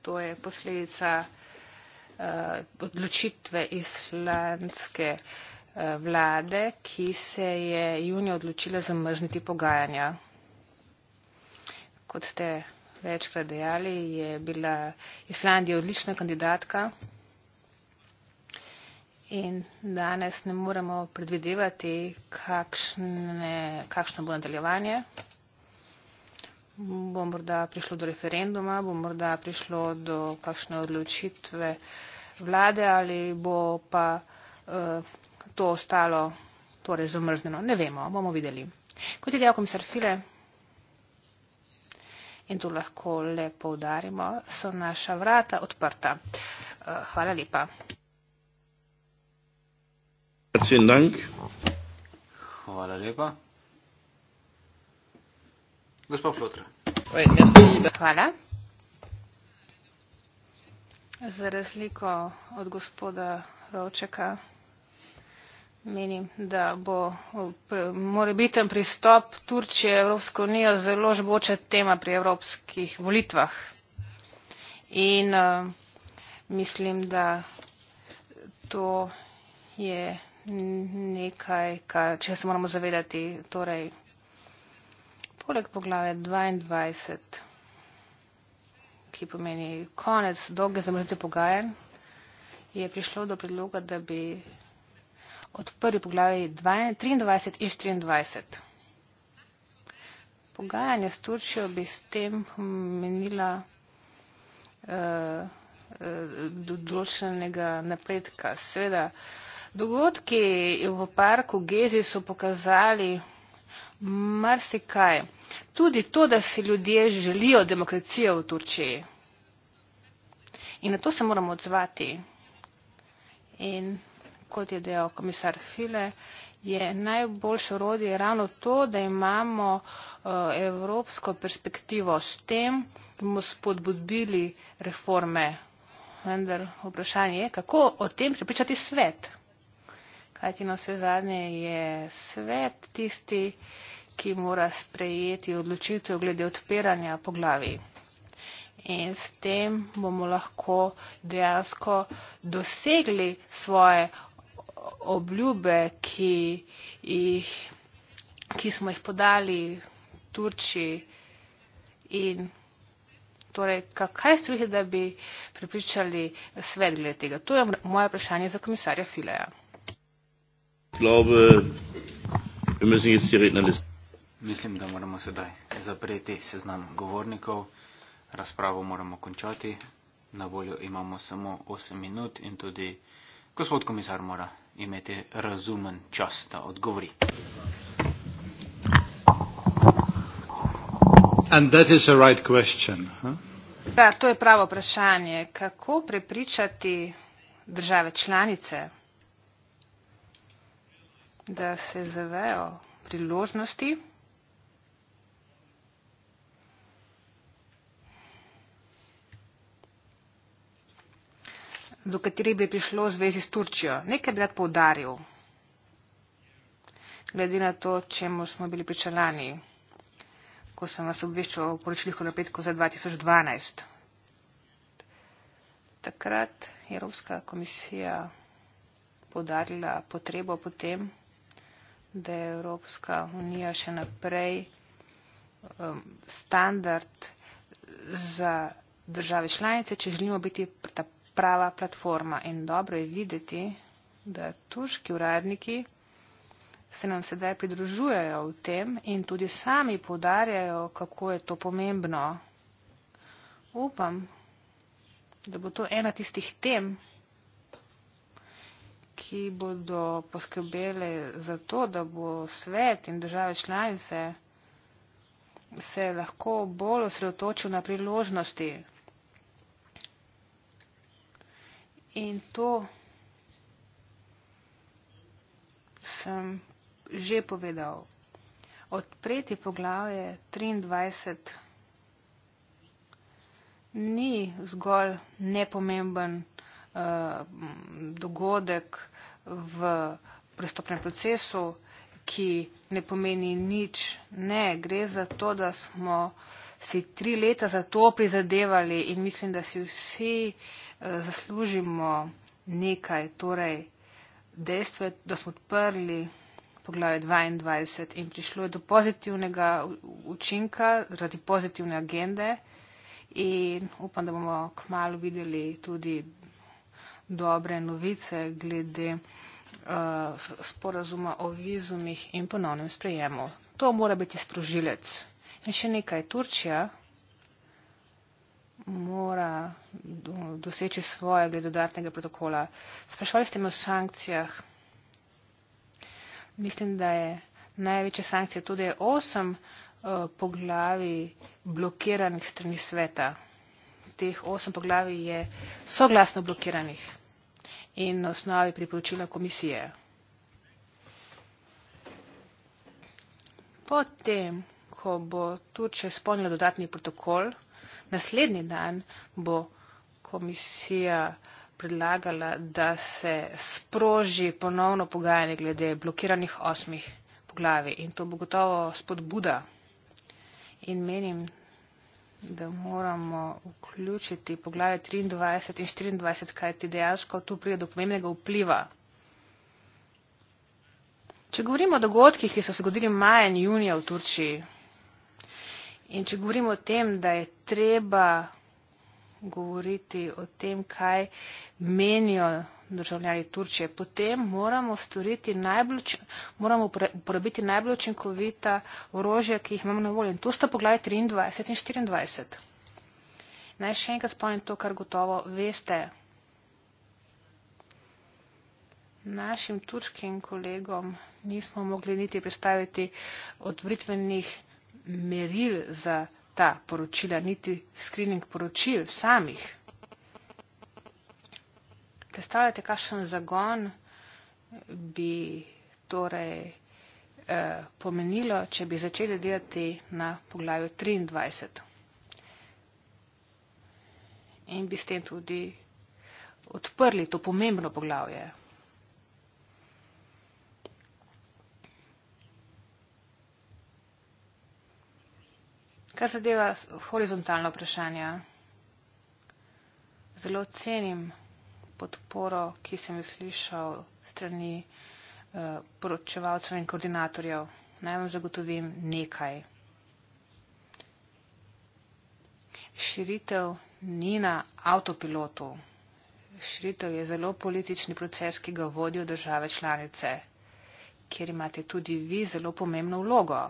E: To je posledica uh, odločitve islandske eh, vlade, ki se je junija odločila zamrzniti pogajanja. Kot ste večkrat dejali, je bila Islandija odlična kandidatka. In danes ne moremo predvidevati, kakšne, kakšno bo nadaljevanje. Bo morda prišlo do referenduma, bo morda prišlo do kakšne odločitve vlade ali bo pa eh, to ostalo torej zamrzneno. Ne vemo, bomo videli. Kot je dejal komisar File, in to lahko le poudarimo, so naša vrata odprta. Eh, hvala lepa.
A: Hvala
D: lepa. Gospod Flotra. Hvala.
E: Za razliko od gospoda Rovčeka menim, da bo eh, morebiten pristop Turčije Evropsko unijo zelo žboča tema pri evropskih volitvah. In eh, mislim, da to je nekaj, kar, če se moramo zavedati, torej poleg poglave 22, ki pomeni konec dolge zamrznitve pogajanj, je prišlo do predloga, da bi odprli poglavje 23 in 24. Pogajanje s Turčijo bi s tem menila eh, eh, do uh, uh, določenega napredka. Seveda, dogodki v parku Gezi so pokazali marsikaj. Tudi to, da si ljudje želijo demokracijo v Turčiji. In na to se moramo odzvati. In kot je dejal komisar File, je najboljše urodje ravno to, da imamo eh, evropsko perspektivo s tem, da bomo spodbudili reforme. Vendar vprašanje je, kako o tem pripričati svet. Kaj ti na vse zadnje je svet tisti, ki mora sprejeti odločitev glede odpiranja po glavi. In s tem bomo lahko dejansko dosegli svoje obljube, ki, jih, ki smo jih podali Turčiji in torej, kaj storiti, da bi pripričali svet glede tega. To je moje vprašanje za komisarja Fileja. Mislim, da moramo
D: sedaj zapreti seznam govornikov. Razpravo moramo končati. Na voljo imamo samo 8 minut in tudi gospod komisar mora imeti razumen čas, da odgovori.
B: Right question, huh?
E: da, to je pravo vprašanje. Kako prepričati države članice, da se zavejo priložnosti? do katerih bi prišlo v zvezi s Turčijo. Nekaj bi rad povdaril, glede na to, čemu smo bili pričalani, ko sem vas obveščal o poročilih o napetku za 2012. Takrat je Evropska komisija podarila potrebo potem, da je Evropska unija še naprej um, standard za države članice, če želimo biti ta prava platforma. In dobro je videti, da tuški uradniki se nam sedaj pridružujejo v tem in tudi sami podarjajo, kako je to pomembno. Upam, da bo to ena tistih tem, ki bodo poskrbele za to, da bo svet in države članice se lahko bolj osredotočil na priložnosti, In to sem že povedal. Odpreti poglavje 23 ni zgolj nepomemben uh, dogodek v prestopnem procesu, ki ne pomeni nič. Ne, gre za to, da smo si tri leta za to prizadevali in mislim, da si vsi uh, Eh, zaslužimo nekaj, torej dejstvo, da smo odprli poglavje 22 in prišlo je do pozitivnega učinka zaradi pozitivne agende in upam, da bomo kmalo videli tudi dobre novice glede uh, sporazuma o vizumih in ponovnem sprejemu. To mora biti sprožilec. In še nekaj, Turčija mora doseči svoje glede dodatnega protokola. Sprašvali ste me o sankcijah. Mislim, da je največja sankcija tudi osem uh, poglavi blokiranih strani sveta. Teh osem poglavi je soglasno blokiranih in na osnovi priporočila komisije. Potem, ko bo Turčja izpolnila dodatni protokol, Naslednji dan bo komisija predlagala, da se sproži ponovno pogajanje glede blokiranih osmih poglavi in to bo gotovo spodbuda. In menim, da moramo vključiti poglavje 23 in 24, kaj ti dejansko tu pride do pomembnega vpliva. Če govorimo o dogodkih, ki so se zgodili maja in junija v Turčiji, In če govorimo o tem, da je treba govoriti o tem, kaj menijo državljani Turčije, potem moramo, moramo uporabiti najbolj učinkovita orožja, ki jih imamo na voljo. In to sta poglavje 23 in 24. Naj še enkrat spomnim to, kar gotovo veste. Našim turškim kolegom nismo mogli niti predstaviti odvritvenih meril za ta poročila, niti screening poročil samih. Predstavljate, kakšen zagon bi torej eh, pomenilo, če bi začeli delati na poglavju 23. In bi s tem tudi odprli to pomembno poglavje. Kar zadeva horizontalno vprašanje, zelo cenim podporo, ki sem jo slišal strani eh, poročevalcev in koordinatorjev. Naj vam zagotovim nekaj. Širitev ni na avtopilotu. Širitev je zelo politični proces, ki ga vodijo države članice, kjer imate tudi vi zelo pomembno vlogo.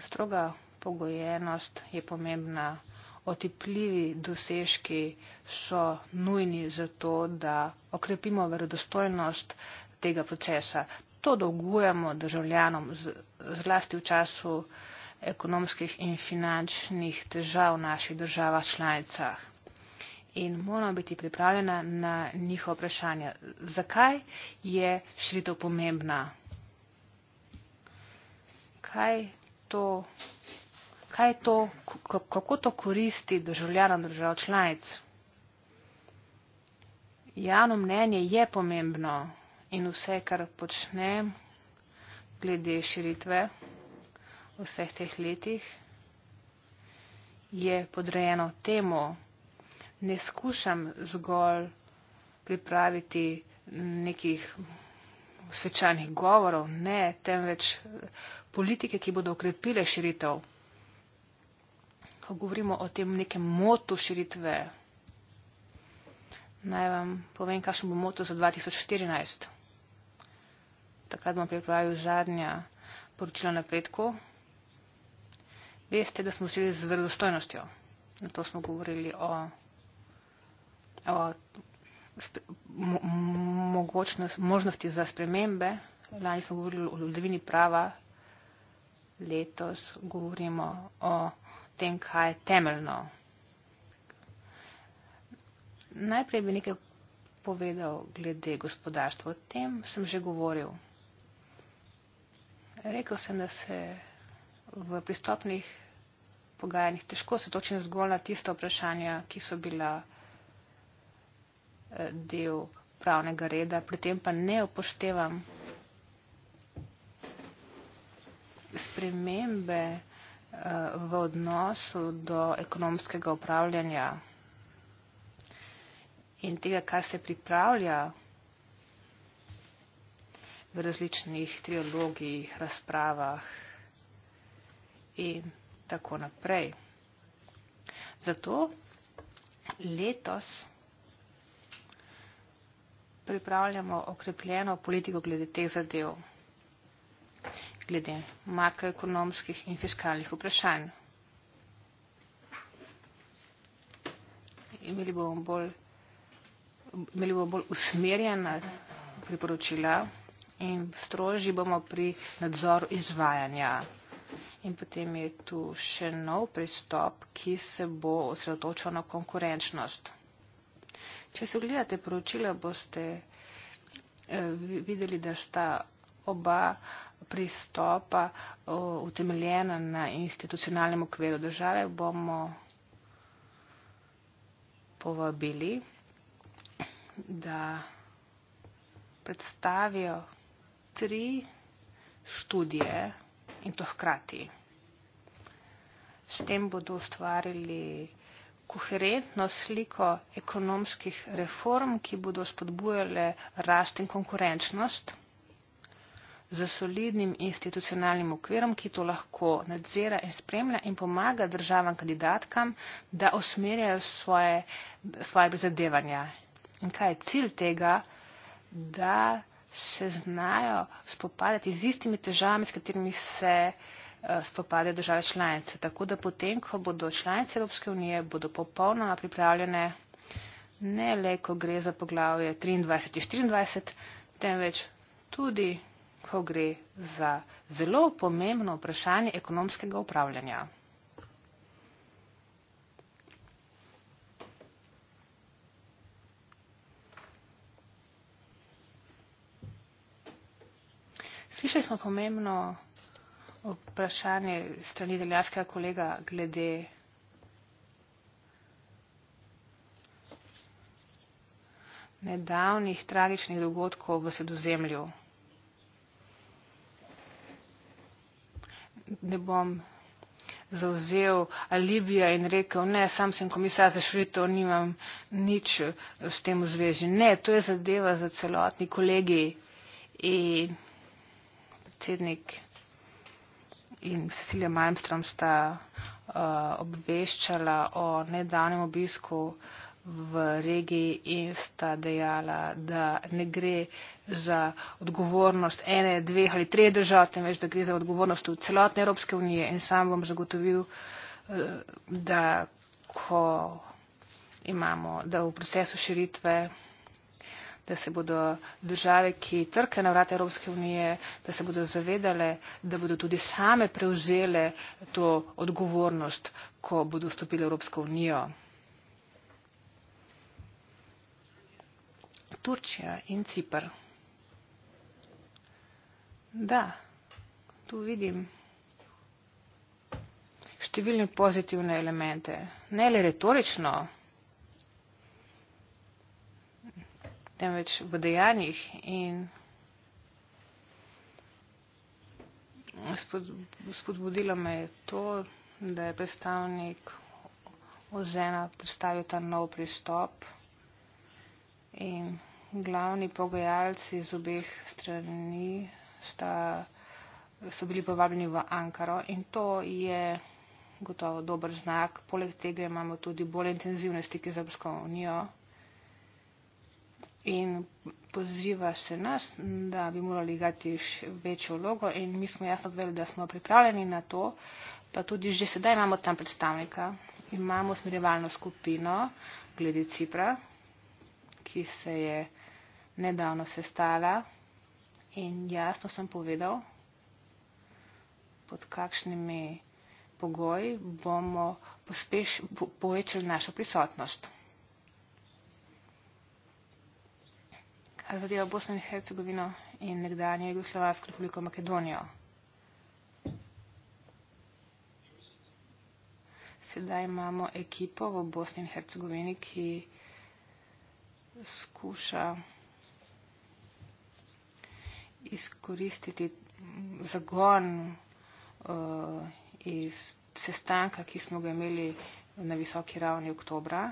E: Stroga pogojenost je pomembna. Otipljivi dosežki so nujni za to, da okrepimo verodostojnost tega procesa. To dolgujemo državljanom zlasti v času ekonomskih in finančnih težav v naših državah članicah. In moramo biti pripravljena na njihovo vprašanje. Zakaj je širitev pomembna? Kaj to, kaj to, kako to koristi državljanom držav članic. Javno mnenje je pomembno in vse, kar počnem glede širitve v vseh teh letih, je podrejeno temu. Ne skušam zgolj pripraviti nekih svečanih govorov, ne, temveč eh, politike, ki bodo okrepile širitev. Ko govorimo o tem nekem motu širitve, naj vam povem, kakšen bo motu za 2014. Takrat bom pripravil zadnja poročila napredku. Veste, da smo začeli z verodostojnostjo. Na to smo govorili o, o možnosti za spremembe. Lani smo govorili o vladavini prava, letos govorimo o tem, kaj je temeljno. Najprej bi nekaj povedal glede gospodarstva. O tem sem že govoril. Rekel sem, da se v pristopnih pogajanjih težko se točno zgolj na tisto vprašanja, ki so bila eh, del pravnega reda, pri tem pa ne upoštevam spremembe eh, v odnosu do ekonomskega upravljanja in tega, kar se pripravlja v različnih triologijih, razpravah in tako naprej. Zato letos pripravljamo okrepljeno politiko glede teh zadev, glede makroekonomskih in fiskalnih vprašanj. Imeli bomo bolj, imeli bomo bolj usmerjena priporočila in strožji bomo pri nadzoru izvajanja. In potem je tu še nov pristop, ki se bo osredotočil na konkurenčnost. Če se gledate poročila, boste eh, videli, da sta oba pristopa utemeljena na institucionalnem okviru države. Bomo povabili, da predstavijo tri študije in to hkrati. S tem bodo ustvarili koherentno sliko ekonomskih reform, ki bodo spodbujale rast in konkurenčnost z solidnim institucionalnim okvirom, ki to lahko nadzira in spremlja in pomaga državam kandidatkam, da osmerjajo svoje, svoje prizadevanja. In kaj je cilj tega, da se znajo spopadati z istimi težavami, s katerimi se. Eh, spopade države članice. Tako da potem, ko bodo članice Evropske unije, bodo popolnoma pripravljene ne le, ko gre za poglavje 23 in 24, temveč tudi, ko gre za zelo pomembno vprašanje ekonomskega upravljanja. Slišali smo pomembno vprašanje strani deljarskega kolega glede. nedavnih tragičnih dogodkov v sredozemlju. Ne bom zauzel alibija in rekel, ne, sam sem komisar za širitev, nimam nič s tem v zvezi. Ne, to je zadeva za celotni kolegi in predsednik in Cecilija Malmström sta uh, obveščala o nedavnem obisku v regiji in sta dejala, da ne gre za odgovornost ene, dveh ali treh držav, temveč da gre za odgovornost v celotne Evropske unije in sam bom zagotovil, eh, da ko imamo, da v procesu širitve da se bodo države, ki trke na vrata Evropske unije, da se bodo zavedale, da bodo tudi same prevzele to odgovornost, ko bodo vstopile v Evropsko unijo. Turčija in Cipr. Da, tu vidim številne pozitivne elemente, ne le retorično, temveč v dejanjih in spodbudilo me je to, da je predstavnik ozena predstavil ta nov pristop in glavni pogajalci z obeh strani sta, so bili povabljeni v Ankaro in to je gotovo dober znak. Poleg tega imamo tudi bolj intenzivne stike z Evropsko unijo in poziva se nas, da bi morali igrati večjo vlogo in mi smo jasno povedali, da smo pripravljeni na to, pa tudi že sedaj imamo tam predstavnika. Imamo smerjevalno skupino glede Cipra, ki se je nedavno sestala in jasno sem povedal, pod kakšnimi pogoji bomo pospeš, po, povečali našo prisotnost. zadeva Bosno in Hercegovino in nekdanje Jugoslovansko republiko Makedonijo. Sedaj imamo ekipo v Bosni in Hercegovini, ki skuša izkoristiti zagon uh, iz sestanka, ki smo ga imeli na visoki ravni oktobra.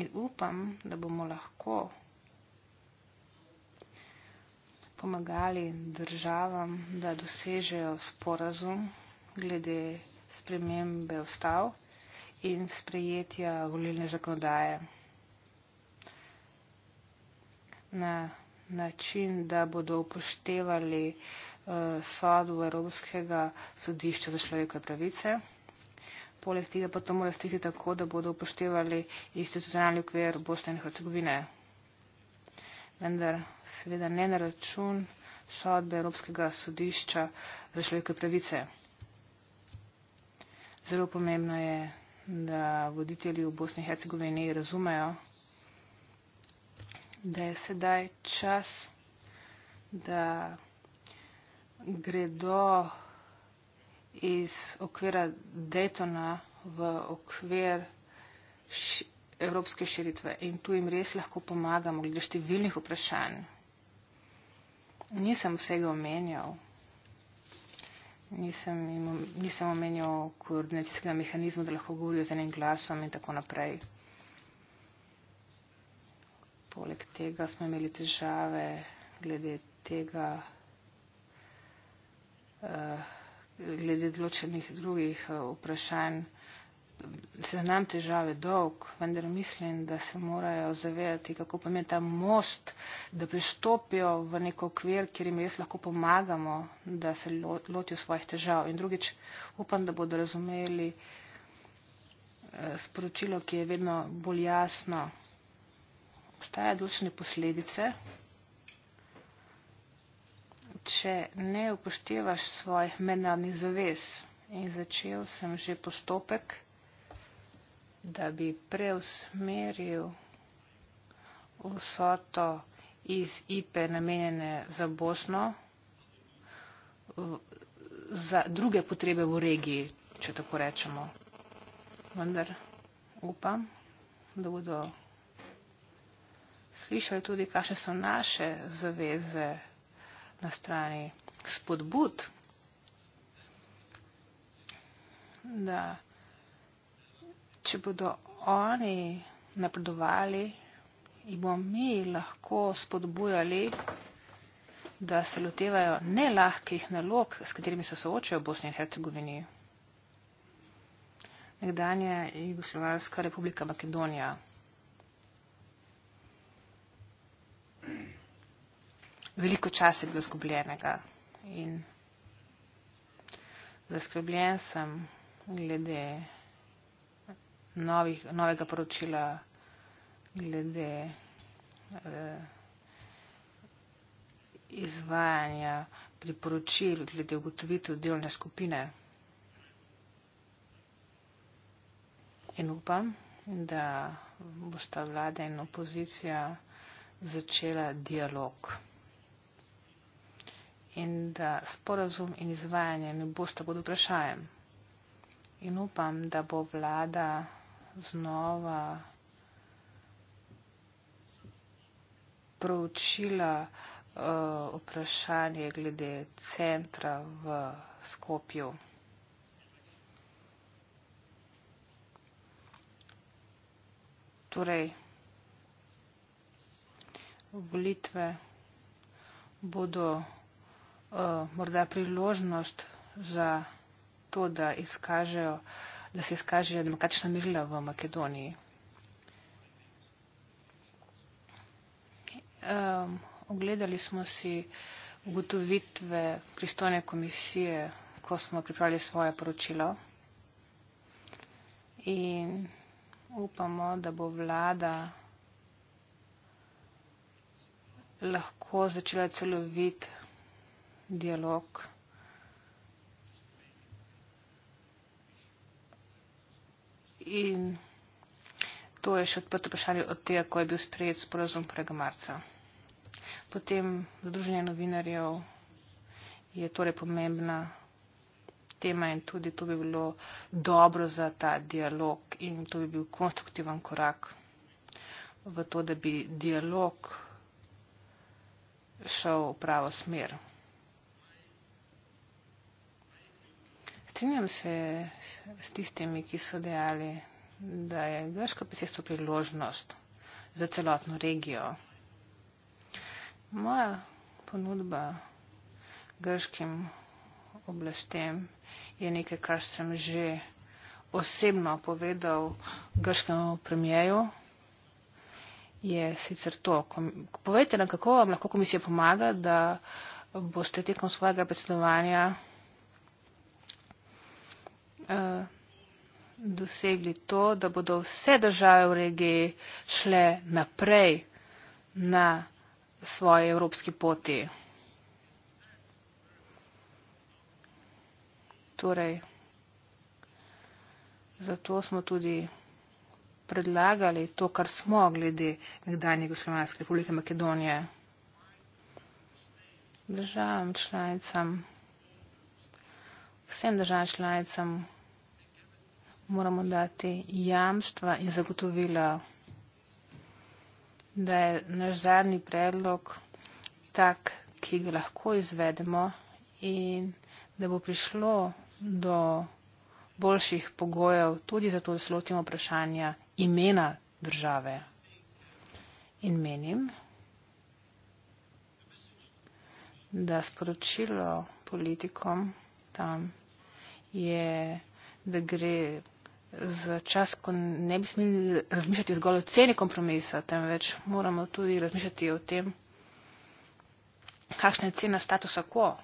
E: In upam, da bomo lahko pomagali državam, da dosežejo sporazum glede spremembe ustav in sprejetja volilne zakonodaje na način, da bodo upoštevali uh, sodbo Evropskega sodišča za človekove pravice poleg tega pa to mora stiti tako, da bodo upoštevali institucionalni okvir Bosne in Hercegovine. Vendar seveda ne na račun sodbe Evropskega sodišča za človeške pravice. Zelo pomembno je, da voditelji v Bosni in Hercegovini razumejo, da je sedaj čas, da gredo iz okvira Daytona v okvir š, evropske širitve in tu jim res lahko pomagamo glede številnih vprašanj. Nisem vsega omenjal. Nisem, nisem omenjal koordinacijskega mehanizma, da lahko govorijo z enim glasom in tako naprej. Poleg tega smo imeli težave glede tega. Uh, glede določenih drugih eh, vprašanj. Seznam težave dolg, vendar mislim, da se morajo zavedati, kako pomeni ta most, da prestopijo v neko okvir, kjer jim res lahko pomagamo, da se lotijo svojih težav. In drugič, upam, da bodo razumeli eh, sporočilo, ki je vedno bolj jasno. Obstajajo določene posledice če ne upoštevaš svojih mednarodnih zavez. In začel sem že postopek, da bi preusmeril vsoto iz IPE namenjene za Bosno za druge potrebe v regiji, če tako rečemo. Vendar upam, da bodo slišali tudi, kakšne so naše zaveze na strani spodbud, da če bodo oni napredovali, jih bomo mi lahko spodbujali, da se lotevajo nelahkih nalog, s katerimi se soočajo v Bosni in Hercegovini. Nekdanja Jugoslovanska republika Makedonija veliko časa je bilo zgubljenega in zaskrbljen sem glede novih, novega poročila, glede eh, izvajanja priporočil, glede ugotovitev delne skupine. In upam, da bo sta vlada in opozicija začela dialog in da sporazum in izvajanje ne boste pod vprašajem. In upam, da bo vlada znova proučila uh, vprašanje glede centra v Skopju. Torej, volitve bodo Eh, morda priložnost za to, da, izkažejo, da se izkažejo demokratična mirila v Makedoniji. Um, ogledali smo si ugotovitve pristojne komisije, ko smo pripravili svoje poročilo in upamo, da bo vlada lahko začela celovit dialog. In to je še odprto vprašanje od tega, ko je bil sprejet sporozum 1. marca. Potem Združenje novinarjev je torej pomembna tema in tudi to bi bilo dobro za ta dialog in to bi bil konstruktiven korak v to, da bi dialog šel v pravo smer. strinjam se s tistimi, ki so dejali, da je grško pisestvo priložnost za celotno regijo. Moja ponudba grškim oblastem je nekaj, kar sem že osebno povedal grškemu premijeju. Je sicer to, povedite nam, kako vam lahko komisija pomaga, da boste tekom svojega predsedovanja Eh, dosegli to, da bodo vse države v regiji šle naprej na svoji evropski poti. Torej, zato smo tudi predlagali to, kar smo glede nekdanje Jugoslovanske republike Makedonije državam članicam, vsem državam članicam moramo dati jamstva in zagotovila, da je naš zadnji predlog tak, ki ga lahko izvedemo in da bo prišlo do boljših pogojev tudi zato, da se lotimo vprašanja imena države. In menim, da sporočilo politikom tam je, da gre za čas, ko ne bi smeli razmišljati zgolj o ceni kompromisa, temveč moramo tudi razmišljati o tem, kakšna je cena statusa quo.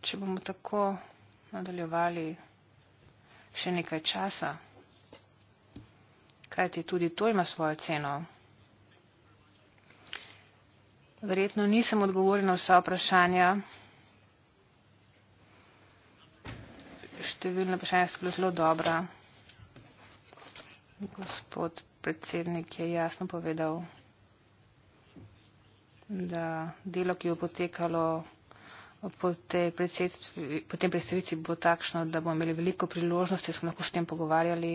E: Če bomo tako nadaljevali še nekaj časa, kajti tudi to ima svojo ceno. Verjetno nisem odgovoril na vsa vprašanja. številne vprašanja so bila zelo dobra. Gospod predsednik je jasno povedal, da delo, ki bo potekalo po, po tem predsednici, bo takšno, da bomo imeli veliko priložnosti, da smo lahko s tem pogovarjali.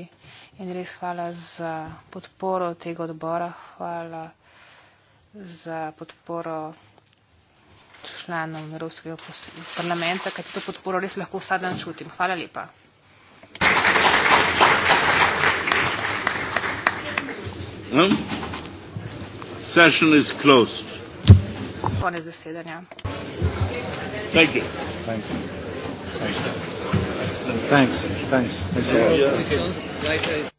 E: In res hvala za podporo tega odbora, hvala za podporo članom Evropskega parlamenta, kajti to podporo res lahko vsak dan čutim. Hvala lepa.
A: Um, session is
B: closed.
E: Konec zasedanja.
B: Thank you. Thanks. Thanks. Thanks. Thanks. Thanks. Thanks. Thanks.